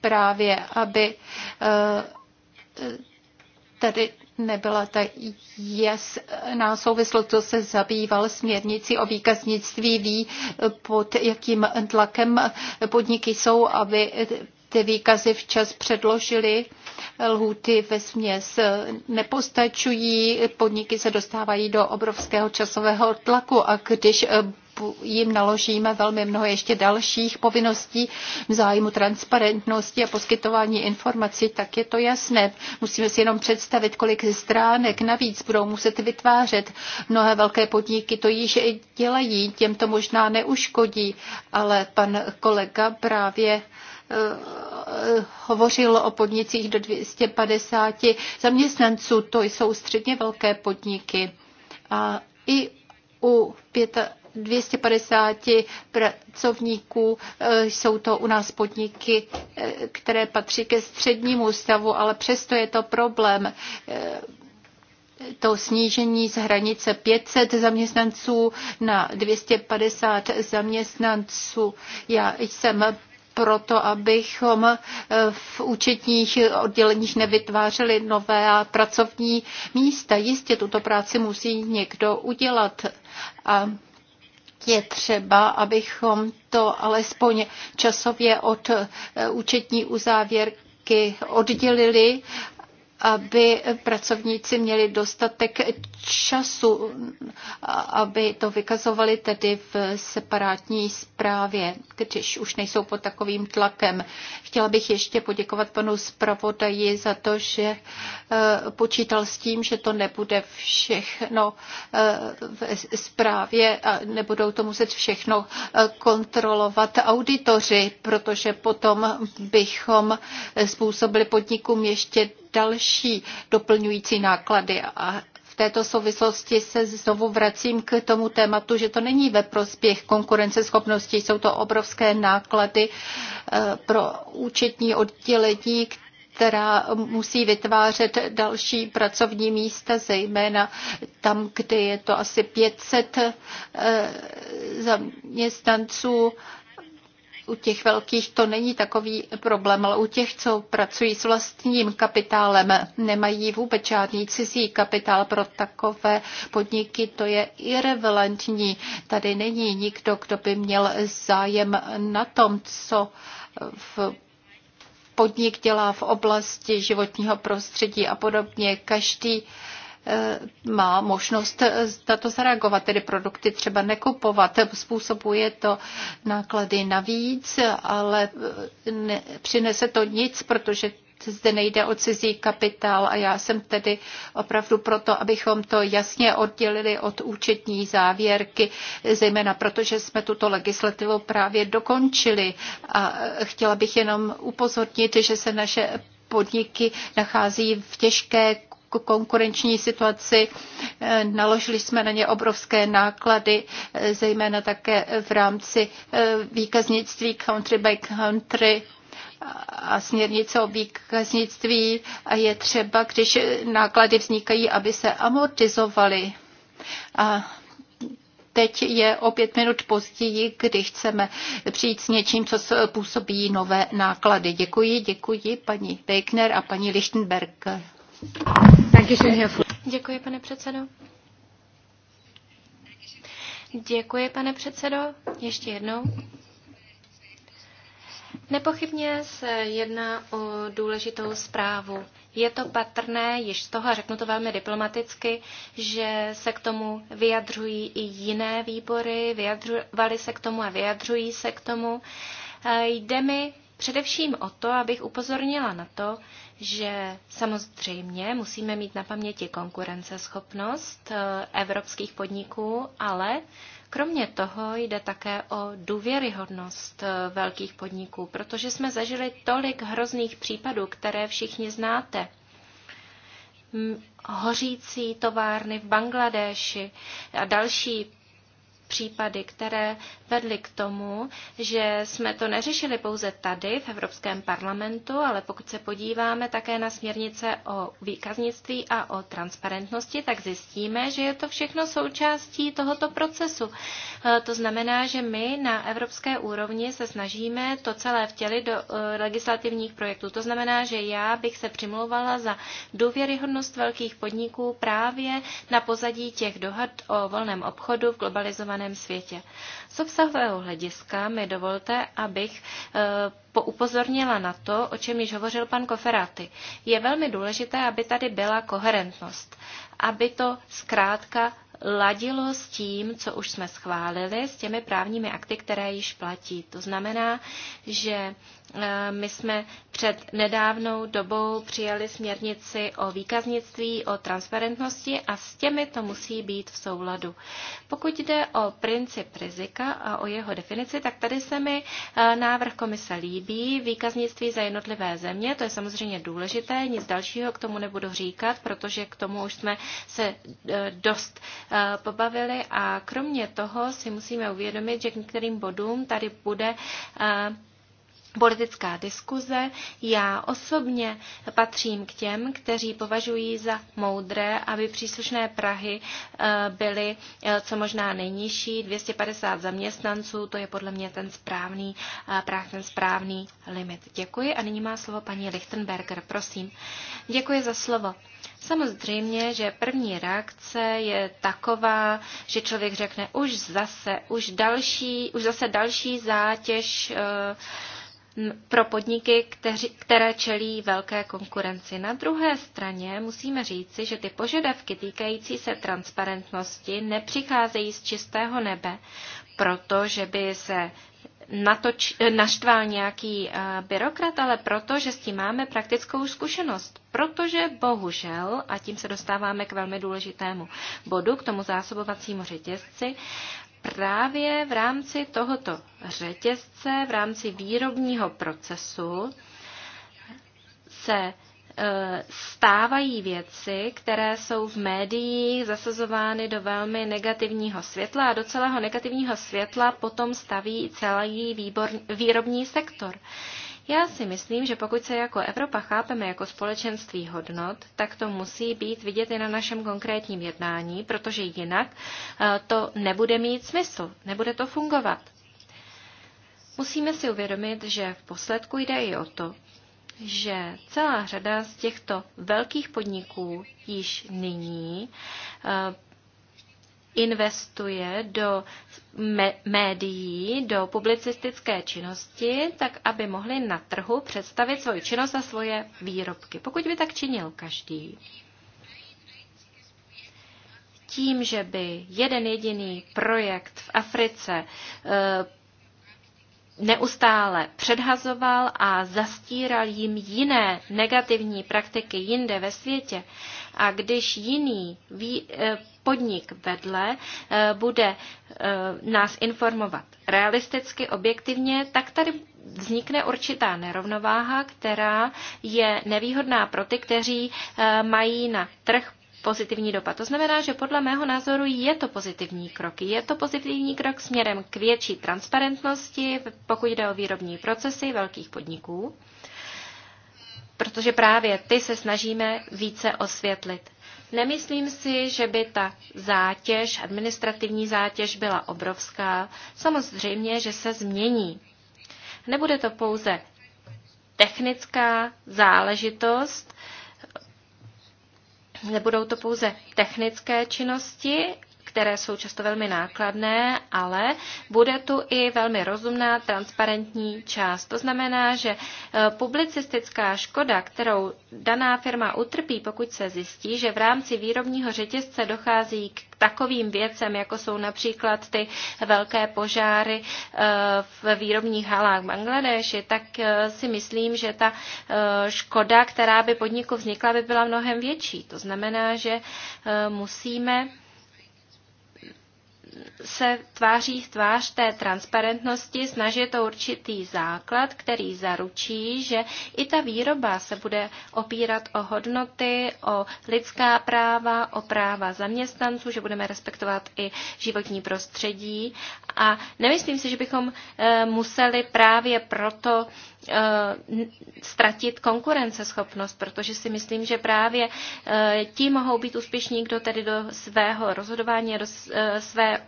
A: zprávě, aby eh, tady nebyla ta jasná souvislost, co se zabýval směrnici o výkaznictví, ví, pod jakým tlakem podniky jsou, aby ty výkazy včas předložili, Lhuty ve směs nepostačují, podniky se dostávají do obrovského časového tlaku a když jim naložíme velmi mnoho ještě dalších povinností v zájmu transparentnosti a poskytování informací, tak je to jasné. Musíme si jenom představit, kolik stránek navíc budou muset vytvářet. Mnohé velké podniky to již dělají, těm to možná neuškodí, ale pan kolega právě eh, hovořil o podnicích do 250 zaměstnanců. To jsou středně velké podniky. A i u 250 pracovníků. Eh, jsou to u nás podniky, eh, které patří ke střednímu stavu, ale přesto je to problém eh, to snížení z hranice 500 zaměstnanců na 250 zaměstnanců. Já jsem proto, abychom v účetních odděleních nevytvářeli nové pracovní místa. Jistě tuto práci musí někdo udělat. A je třeba, abychom to alespoň časově od e, účetní uzávěrky oddělili aby pracovníci měli dostatek času, aby to vykazovali tedy v separátní zprávě, když už nejsou pod takovým tlakem. Chtěla bych ještě poděkovat panu zpravodaji za to, že eh, počítal s tím, že to nebude všechno eh, v zprávě a nebudou to muset všechno eh, kontrolovat auditoři, protože potom bychom způsobili podnikům ještě další doplňující náklady a v této souvislosti se znovu vracím k tomu tématu, že to není ve prospěch konkurenceschopnosti. Jsou to obrovské náklady eh, pro účetní oddělení, která musí vytvářet další pracovní místa, zejména tam, kde je to asi 500 eh, zaměstnanců u těch velkých to není takový problém, ale u těch, co pracují s vlastním kapitálem, nemají vůbec žádný cizí kapitál pro takové podniky, to je irrelevantní. Tady není nikdo, kdo by měl zájem na tom, co v podnik dělá v oblasti životního prostředí a podobně. Každý Eh, má možnost na eh, to zareagovat, tedy produkty třeba nekupovat. Způsobuje to náklady navíc, ale eh, ne, přinese to nic, protože zde nejde o cizí kapitál a já jsem tedy opravdu proto, abychom to jasně oddělili od účetní závěrky, zejména protože jsme tuto legislativu právě dokončili a chtěla bych jenom upozornit, že se naše podniky nachází v těžké konkurenční situaci. Eh, naložili jsme na ně obrovské náklady, eh, zejména také v rámci eh, výkaznictví country by country a směrnice o výkaznictví a je třeba, když náklady vznikají, aby se amortizovaly. A teď je o pět minut později, kdy chceme přijít s něčím, co působí nové náklady. Děkuji, děkuji paní Beckner a paní Lichtenberg.
B: Děkuji, pane předsedo. Děkuji, pane předsedo, ještě jednou. Nepochybně se jedná o důležitou zprávu. Je to patrné, již z toho, a řeknu to velmi diplomaticky, že se k tomu vyjadřují i jiné výbory, vyjadřovali se k tomu a vyjadřují se k tomu. E, jde mi především o to, abych upozornila na to, že samozřejmě musíme mít na paměti konkurenceschopnost eh, evropských podniků, ale kromě toho jde také o důvěryhodnost eh, velkých podniků, protože jsme zažili tolik hrozných případů, které všichni znáte hořící továrny v Bangladeši a další případy, které vedly k tomu, že jsme to neřešili pouze tady v Evropském parlamentu, ale pokud se podíváme také na směrnice o výkaznictví a o transparentnosti, tak zjistíme, že je to všechno součástí tohoto procesu. E, to znamená, že my na evropské úrovni se snažíme to celé vtělit do e, legislativních projektů. To znamená, že já bych se přimlouvala za důvěryhodnost velkých podniků právě na pozadí těch dohad o volném obchodu v globalizovaném globalizovaném světě. Z obsahového hlediska mi dovolte, abych eh, poupozornila na to, o čem již hovořil pan Koferáty. Je velmi důležité, aby tady byla koherentnost, aby to zkrátka ladilo s tím, co už jsme schválili, s těmi právními akty, které již platí. To znamená, že Eh, my jsme před nedávnou dobou přijali směrnici o výkaznictví, o transparentnosti a s těmi to musí být v souladu. Pokud jde o princip rizika a o jeho definici, tak tady se mi eh, návrh komise líbí. Výkaznictví za jednotlivé země, to je samozřejmě důležité, nic dalšího k tomu nebudu říkat, protože k tomu už jsme se eh, dost pobavili a kromě toho si musíme uvědomit, že k některým bodům tady bude politická diskuze. Já osobně patřím k těm, kteří považují za moudré, aby příslušné Prahy eh, byly eh, co možná nejnižší, 250 zaměstnanců, to je podle mě ten správný eh, práh, ten správný limit. Děkuji a nyní má slovo paní Lichtenberger, prosím. Děkuji za slovo. Samozřejmě, že první reakce je taková, že člověk řekne už zase, už další, už zase další zátěž uh, pro podniky, které čelí velké konkurenci. Na druhé straně musíme říci, že ty požadavky týkající se transparentnosti nepřicházejí z čistého nebe, protože by se natoč, naštval nějaký eh, byrokrat, ale proto, že s tím máme praktickou zkušenost. Protože bohužel, a tím se dostáváme k velmi důležitému bodu, k tomu zásobovacímu řetězci, právě v rámci tohoto řetězce, v rámci výrobního procesu se e, stávají věci, které jsou v médiích zasazovány do velmi negativního světla a do celého negativního světla potom staví celý výbor, výrobní sektor. Já si myslím, že pokud se jako Evropa chápeme jako společenství hodnot, tak to musí být vidět i na našem konkrétním jednání, protože jinak eh, to nebude mít smysl, nebude to fungovat. Musíme si uvědomit, že v posledku jde i o to, že celá řada z těchto velkých podniků již nyní eh, investuje do médií, do publicistické činnosti, tak aby mohli na trhu představit svoji činnost a svoje výrobky. Pokud by tak činil každý, tím, že by jeden jediný projekt v Africe eh, neustále předhazoval a zastíral jim jiné negativní praktiky jinde ve světě. A když jiný vý, eh, podnik vedle eh, bude eh, nás informovat realisticky, objektivně, tak tady vznikne určitá nerovnováha, která je nevýhodná pro ty, kteří eh, mají na trh pozitivní dopad. To znamená, že podle mého názoru je to pozitivní krok. Je to pozitivní krok směrem k větší transparentnosti, pokud jde o výrobní procesy velkých podniků, protože právě ty se snažíme více osvětlit. Nemyslím si, že by ta zátěž, administrativní zátěž byla obrovská. Samozřejmě, že se změní. Nebude to pouze technická záležitost, nebudou to pouze technické činnosti, které jsou často velmi nákladné, ale bude tu i velmi rozumná, transparentní část. To znamená, že eh, publicistická škoda, kterou daná firma utrpí, pokud se zjistí, že v rámci výrobního řetězce dochází k takovým věcem, jako jsou například ty velké požáry eh, v výrobních halách Bangladeši, tak eh, si myslím, že ta škoda, která by podniku vznikla, by byla mnohem větší. To znamená, že musíme se tváří v tvář té transparentnosti snažit o určitý základ, který zaručí, že i ta výroba se bude opírat o hodnoty, o lidská práva, o práva zaměstnanců, že budeme respektovat i životní prostředí. A nemyslím si, že bychom eh, museli právě proto Eh, ztratit konkurenceschopnost, protože si myslím, že právě eh, ti mohou být úspěšní, kdo tedy do svého rozhodování, do eh, své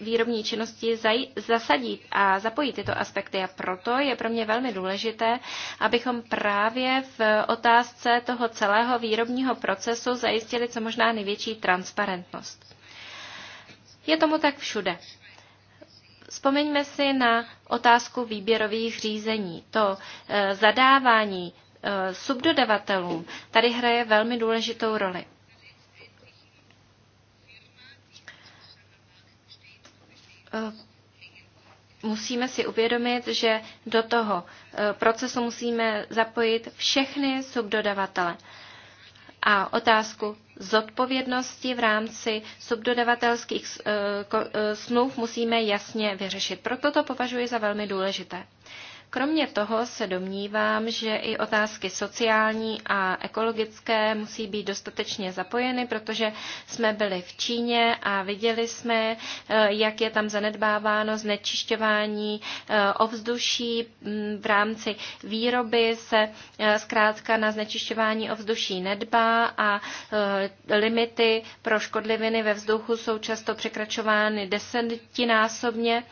B: výrobní činnosti zasadí zasadit a zapojit tyto aspekty. A proto je pro mě velmi důležité, abychom právě v otázce toho celého výrobního procesu zajistili co možná největší transparentnost. Je tomu tak všude. Vzpomeňme si na otázku výběrových řízení. To eh, zadávání eh, subdodavatelům tady hraje velmi důležitou roli. Eh, musíme si uvědomit, že do toho procesu musíme zapojit všechny subdodavatele. A otázku zodpovědnosti v rámci subdodavatelských eh, eh, smluv musíme jasně vyřešit. Proto to považuji za velmi důležité. Kromě toho se domnívám, že i otázky sociální a ekologické musí být dostatečně zapojeny, protože jsme byli v Číně a viděli jsme, eh, jak je tam zanedbáváno znečišťování eh, ovzduší mm, v rámci výroby se eh, zkrátka na znečišťování ovzduší nedbá a limity pro škodliviny ve vzduchu jsou často překračovány desetinásobně.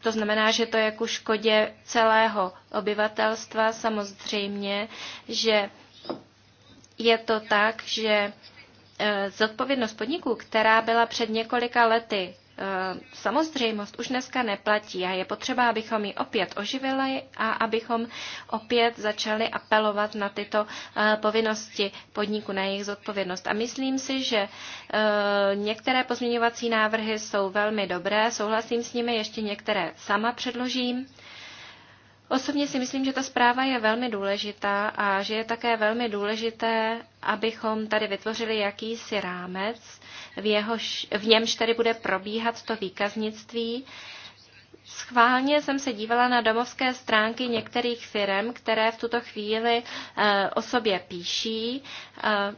B: To znamená, že to je ku škodě celá celého obyvatelstva. Samozřejmě, že je to tak, že e, zodpovědnost podniků, která byla před několika lety e, samozřejmost, už dneska neplatí a je potřeba, abychom ji opět oživili a abychom opět začali apelovat na tyto e, povinnosti podniku, na jejich zodpovědnost. A myslím si, že některé pozměňovací návrhy jsou velmi dobré, souhlasím s nimi, ještě některé sama předložím. Osobně si myslím, že ta zpráva je velmi důležitá a že je také velmi důležité, abychom tady vytvořili jakýsi rámec, v, jehož, v němž tady bude probíhat to výkaznictví. Schválně jsem se dívala na domovské stránky některých firm, které v tuto chvíli eh, o sobě píší. Eh,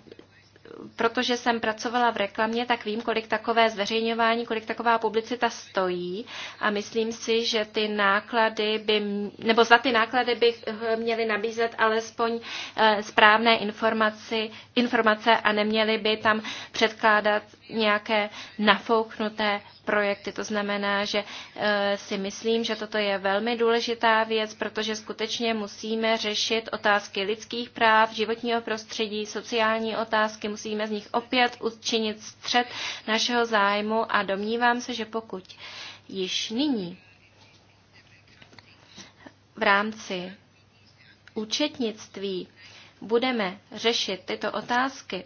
B: protože jsem pracovala v reklamě, tak vím, kolik takové zveřejňování, kolik taková publicita stojí a myslím si, že ty náklady by, nebo za ty náklady by eh, měly nabízet alespoň eh, správné informaci, informace a neměly by tam předkládat nějaké nafouknuté projekty. To znamená, že eh, si myslím, že toto je velmi důležitá věc, protože skutečně musíme řešit otázky lidských práv, životního prostředí, sociální otázky. Musíme z nich opět učinit střed našeho zájmu a domnívám se, že pokud již nyní v rámci účetnictví budeme řešit tyto otázky,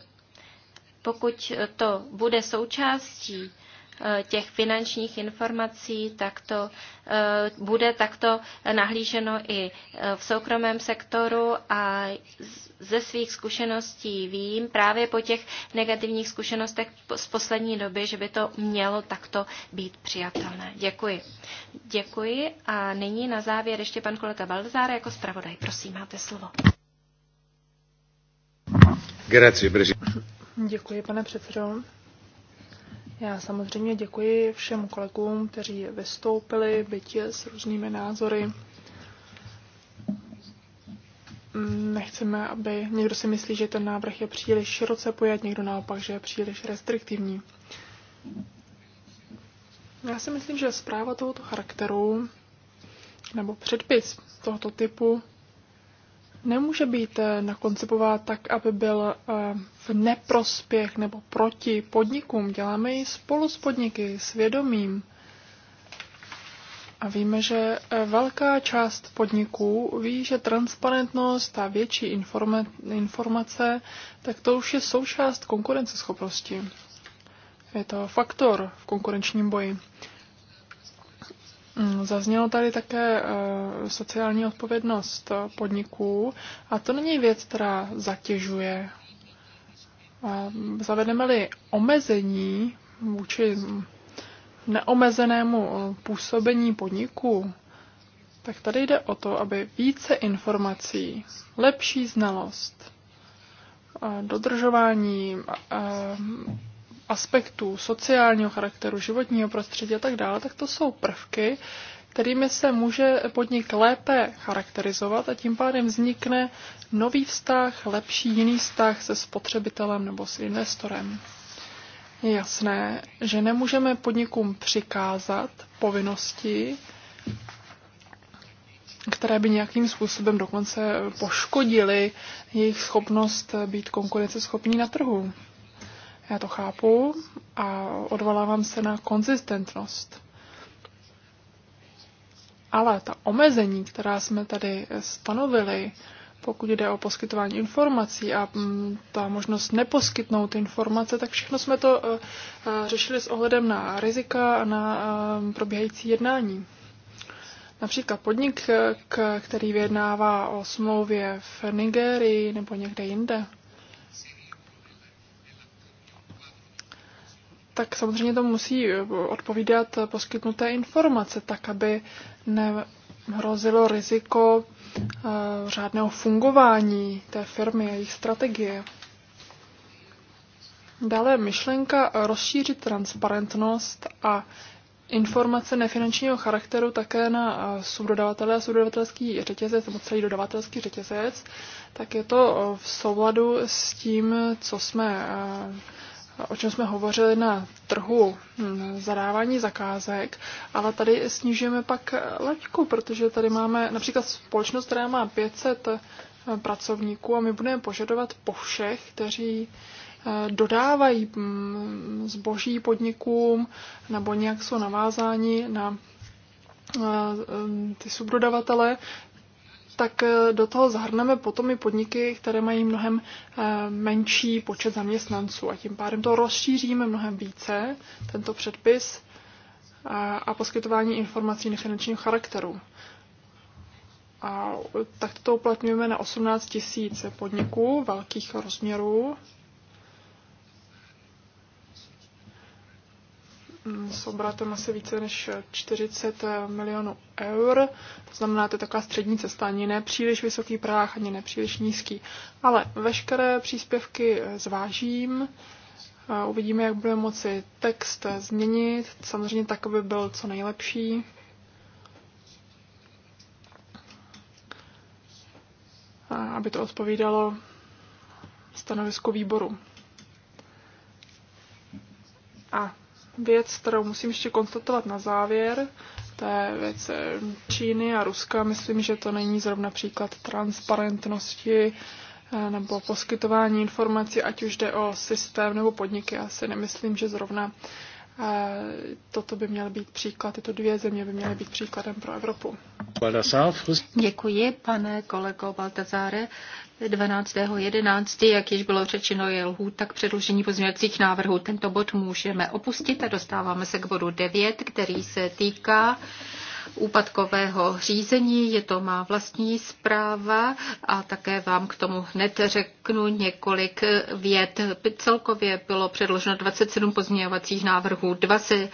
B: pokud to bude součástí Eh, těch finančních informací, tak to eh, bude takto nahlíženo i eh, v soukromém sektoru a ze svých zkušeností vím právě po těch negativních zkušenostech z poslední doby, že by to mělo takto být přijatelné. Děkuji. Děkuji a nyní na závěr ještě pan kolega Balzár jako zpravodaj. Prosím, máte slovo. Grazie,
C: Děkuji, pane předsedo. Já samozřejmě děkuji všem kolegům, kteří vystoupili, bytě s různými názory. Nechceme, aby někdo si myslí, že ten návrh je příliš široce pojat, někdo naopak, že je příliš restriktivní. Já si myslím, že zpráva tohoto charakteru nebo předpis tohoto typu nemůže být eh, nakoncipován tak, aby byl eh, v neprospěch nebo proti podnikům. Děláme ji spolu s podniky, s vědomím. A víme, že eh, velká část podniků ví, že transparentnost a větší informace, tak to už je součást konkurenceschopnosti. Je to faktor v konkurenčním boji. Mm, zaznělo tady také eh, sociální odpovědnost eh, podniků a to není věc, která zatěžuje. Zavedeme-li omezení vůči neomezenému eh, působení podniku, tak tady jde o to, aby více informací, lepší znalost, dodržování aspektů sociálního charakteru, životního prostředí a tak dále, tak to jsou prvky, kterými se může podnik lépe charakterizovat a tím pádem vznikne nový vztah, lepší jiný vztah se spotřebitelem nebo s investorem. Je jasné, že nemůžeme podnikům přikázat povinnosti, které by nějakým způsobem dokonce poškodily jejich schopnost být konkurenceschopní na trhu. Já to chápu a odvolávám se na konzistentnost. Ale ta omezení, která jsme tady stanovili, pokud jde o poskytování informací a mm, ta možnost neposkytnout informace, tak všechno jsme to eh, eh, řešili s ohledem na rizika a na eh, probíhající jednání. Například podnik, který vyjednává o smlouvě v Nigérii nebo někde jinde, tak samozřejmě to musí eh, odpovídat eh, poskytnuté informace, tak aby nehrozilo riziko eh, řádného fungování té firmy a jejich strategie. Dále myšlenka rozšířit transparentnost a informace nefinančního charakteru také na subdodavatele a subdodavatelský řetězec nebo celý dodavatelský řetězec, tak je to v souladu s tím, co jsme o čem jsme hovořili na trhu hm, zadávání zakázek, ale tady snižujeme pak laťku, protože tady máme například společnost, která má 500 eh, pracovníků a my budeme požadovat po všech, kteří eh, dodávají hm, zboží podnikům nebo nějak jsou navázáni na eh, ty subdodavatele, tak eh, do toho zahrneme potom i podniky, které mají mnohem eh, menší počet zaměstnanců a tím pádem to rozšíříme mnohem více, tento předpis a poskytování informací nefinančního charakteru. A tak to uplatňujeme na 18 000 podniků velkých rozměrů Mm, s obratem asi více než 40 eh, milionů eur. To znamená, to je taková střední cesta, ani nepříliš vysoký práh, ani nepříliš nízký. Ale veškeré příspěvky eh, zvážím, eh, uvidíme, jak bude moci text změnit, samozřejmě tak, aby byl co nejlepší. aby to odpovídalo stanovisku výboru. A věc, kterou musím ještě konstatovat na závěr, to je věc eh, Číny a Ruska. Myslím, že to není zrovna příklad transparentnosti eh, nebo poskytování informací, ať už jde o systém nebo podniky. Já si nemyslím, že zrovna toto by měl být příklad, tyto dvě země by měly být příkladem pro Evropu.
A: Děkuji, pane kolego Baltazáre. 12.11., jak již bylo řečeno, je lhůt, tak předložení pozměňovacích návrhů. Tento bod můžeme opustit a dostáváme se k bodu 9, který se týká úpadkového řízení. Je to má vlastní zpráva a také vám k tomu hned řeknu několik vět. Celkově bylo předloženo 27 pozměňovacích návrhů. Dva se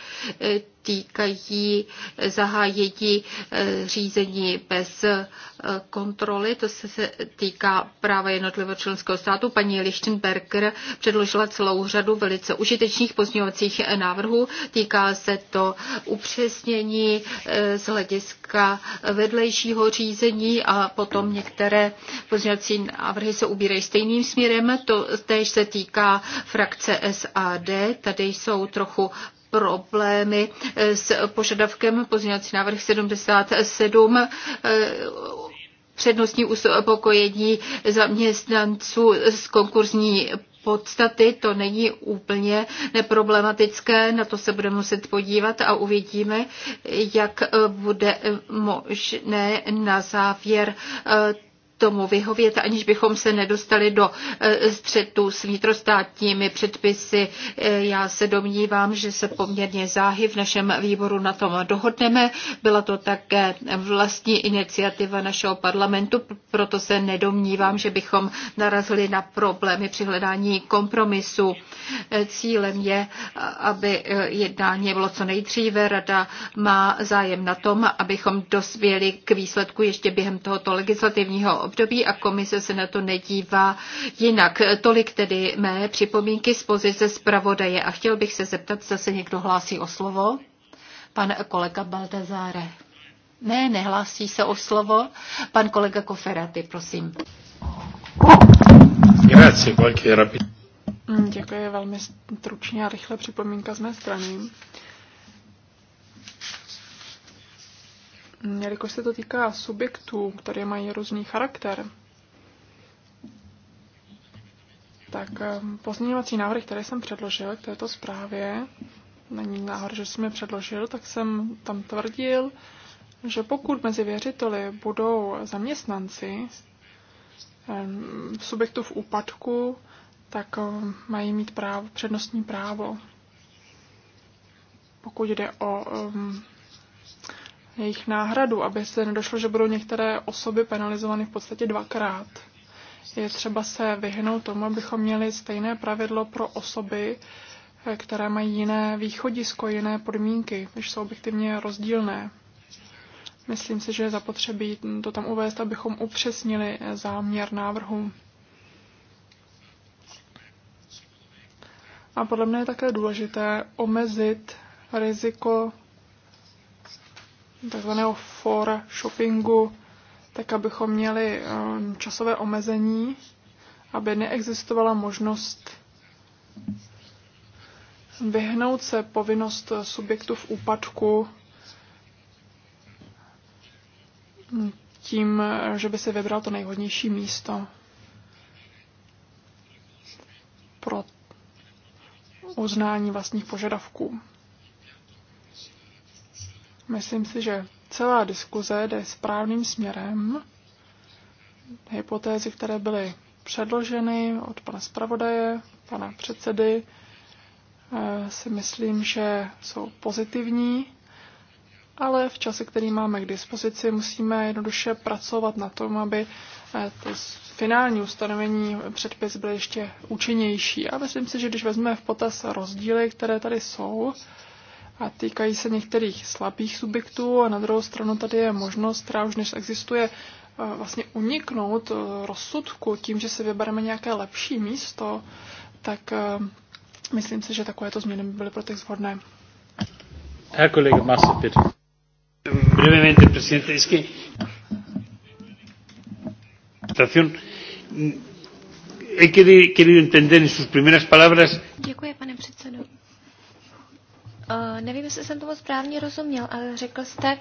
A: týkají zahájení eh, řízení bez eh, kontroly. To se týká práva jednotlivého členského státu. Paní Lichtenberger předložila celou řadu velice užitečných pozměňovacích eh, návrhů. Týká se to upřesnění z hlediska vedlejšího řízení a potom některé pozměňovací návrhy se ubírají stejným směrem. To též se týká frakce SAD. Tady jsou trochu problémy s požadavkem pozměňovací návrh 77 eh, přednostní uspokojení zaměstnanců z konkurzní podstaty to není úplně neproblematické, na to se budeme muset podívat a uvidíme, jak bude možné na závěr eh, tomu vyhovět, aniž bychom se nedostali do e, střetu s vnitrostátními předpisy. E, já se domnívám, že se poměrně záhy v našem výboru na tom dohodneme. Byla to také vlastní iniciativa našeho parlamentu, proto se nedomnívám, že bychom narazili na problémy při hledání kompromisu. E, cílem je, aby jednání bylo co nejdříve. Rada má zájem na tom, abychom dospěli k výsledku ještě během tohoto legislativního období a komise se na to nedívá jinak. Tolik tedy mé připomínky z pozice zpravodaje a chtěl bych se zeptat, zda se někdo hlásí o slovo. Pan kolega Baltazáre Ne, nehlásí se o slovo. Pan kolega Koferaty, prosím.
C: Děkuji velmi stručně a rychle připomínka z mé strany. jelikož se to týká subjektů, které mají různý charakter, tak ehm, pozměňovací návrhy, které jsem předložil k této zprávě, není náhod, že jsem je předložil, tak jsem tam tvrdil, že pokud mezi věřiteli budou zaměstnanci ehm, subjektů v úpadku, tak ehm, mají mít právo, přednostní právo. Pokud jde o um, jejich náhradu, aby se nedošlo, že budou některé osoby penalizovány v podstatě dvakrát. Je třeba se vyhnout tomu, abychom měli stejné pravidlo pro osoby, eh, které mají jiné východisko, jiné podmínky, když jsou objektivně rozdílné. Myslím si, že je zapotřebí to tam uvést, abychom upřesnili eh, záměr návrhu. A podle mě je také důležité omezit riziko takzvaného for shoppingu, tak abychom měli um, časové omezení, aby neexistovala možnost vyhnout se povinnost subjektu v úpadku tím, že by si vybral to nejhodnější místo pro uznání vlastních požadavků. Myslím si, že celá diskuze jde správným směrem. Hypotézy, které byly předloženy od pana zpravodaje, pana předsedy, eh, si myslím, že jsou pozitivní, ale v čase, který máme k dispozici, musíme jednoduše pracovat na tom, aby eh, to finální ustanovení předpis byl ještě účinnější. A myslím si, že když vezmeme v potaz rozdíly, které tady jsou, a týkají se některých slabých subjektů a na druhou stranu tady je možnost, která už dnes existuje, eh, vlastně uniknout eh, rozsudku tím, že si vybereme nějaké lepší místo, tak eh, myslím si, že takovéto změny by byly pro těch zhodné.
B: Herr Kollege Massa, bitte. Brevemente, Presidente, es que mm, he querido entender en sus primeras palabras. Děkuji, pane předsedo. Eh, nevím, jestli jsem tomu správně rozuměl, ale řekl jste,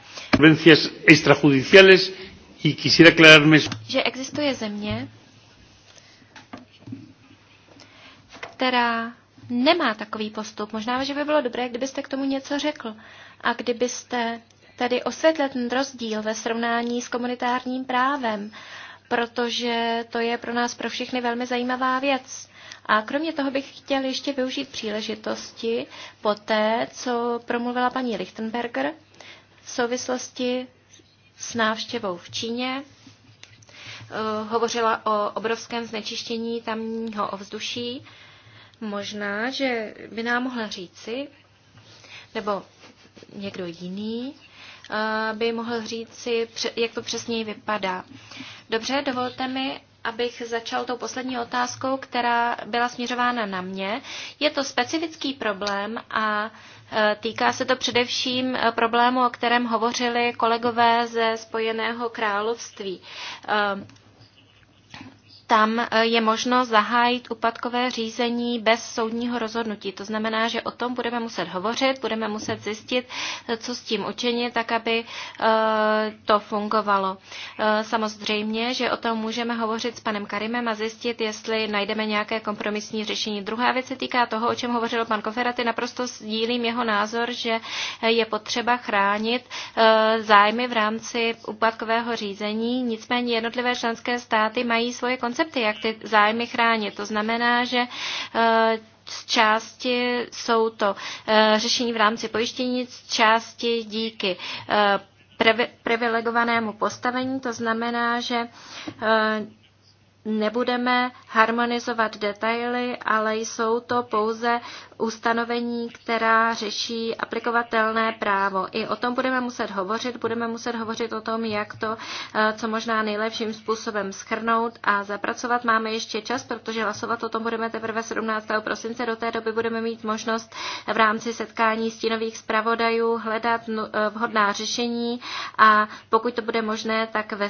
B: extrajudiciales y quisiera aclararme... že existuje země, která nemá takový postup. Možná, že by bylo dobré, kdybyste k tomu něco řekl a kdybyste tady osvětlil ten rozdíl ve srovnání s komunitárním právem, protože to je pro nás pro všechny velmi zajímavá věc. A kromě toho bych chtěl ještě využít příležitosti po té, co promluvila paní Lichtenberger v souvislosti s návštěvou v Číně. Eh, hovořila o obrovském znečištění tamního ovzduší. Možná, že by nám mohla říci, nebo někdo jiný eh, by mohl říci, jak to přesněji vypadá. Dobře, dovolte mi, abych začal tou poslední otázkou, která byla směřována na mě. Je to specifický problém a e, týká se to především e, problému, o kterém hovořili kolegové ze Spojeného království. E, tam eh, je možno zahájit úpadkové řízení bez soudního rozhodnutí. To znamená, že o tom budeme muset hovořit, budeme muset zjistit, eh, co s tím učinit, tak aby eh, to fungovalo. Samozřejmě, že o tom můžeme hovořit s panem Karimem a zjistit, jestli najdeme nějaké kompromisní řešení. Druhá věc se týká toho, o čem hovořil pan Koferaty. Naprosto sdílím jeho názor, že je potřeba chránit zájmy v rámci úpadkového řízení. Nicméně jednotlivé členské státy mají svoje koncepty, jak ty zájmy chránit. To znamená, že eh, z části jsou to eh, řešení v rámci pojištění, z části díky eh, privilegovanému postavení. To znamená, že nebudeme harmonizovat detaily, ale jsou to pouze ustanovení, která řeší aplikovatelné právo. I o tom budeme muset hovořit, budeme muset hovořit o tom, jak to eh, co možná nejlepším způsobem schrnout a zapracovat. Máme ještě čas, protože hlasovat o tom budeme teprve 17. prosince. Do té doby budeme mít možnost v rámci setkání stínových zpravodajů hledat eh, vhodná řešení a pokud to bude možné, tak ve,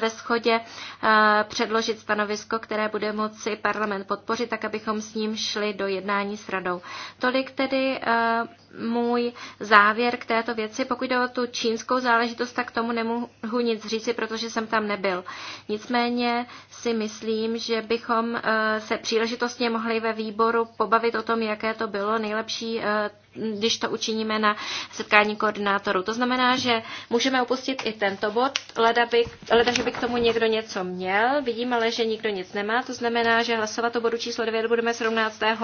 B: ve schodě eh, předložit předložit stanovisko, které bude moci parlament podpořit, tak abychom s ním šli do jednání s radou. Tolik tedy eh, můj závěr k této věci. Pokud jde o tu čínskou záležitost, tak tomu nemohu nic říci, protože jsem tam nebyl. Nicméně si myslím, že bychom eh, se příležitostně mohli ve výboru pobavit o tom, jaké to bylo. Nejlepší eh, když to učiníme na setkání koordinátorů. To znamená, že můžeme opustit i tento bod, leda, by, leda že by k tomu někdo něco měl. Vidím ale, že nikdo nic nemá. To znamená, že hlasovat o bodu číslo 9 budeme 17. Eh,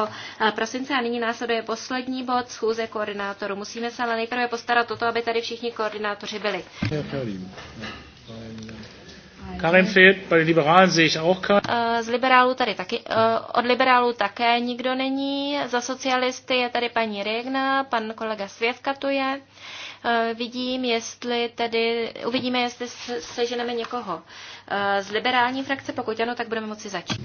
B: prosince a nyní následuje poslední bod schůze koordinátorů. Musíme se ale nejprve postarat o to, aby tady všichni koordinátoři byli.
A: Karin fehlt, bei den Liberalen sehe ich auch Karin.
B: Äh, z liberálů tady taky, äh, od liberálů také nikdo není. Za socialisty je tady paní Regna, pan kolega Svěvka tu je. Äh, vidím, jestli tedy, uvidíme, jestli seženeme někoho z liberální frakce. Pokud ano, tak budeme moci začít.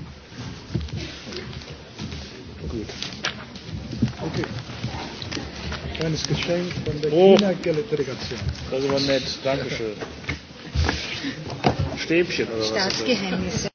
A: Okay. Kleines Geschenk von der oh. China-Delegation.
B: Das war nett, danke schön.
C: Stäbchen oder was? Staatsgeheimnisse.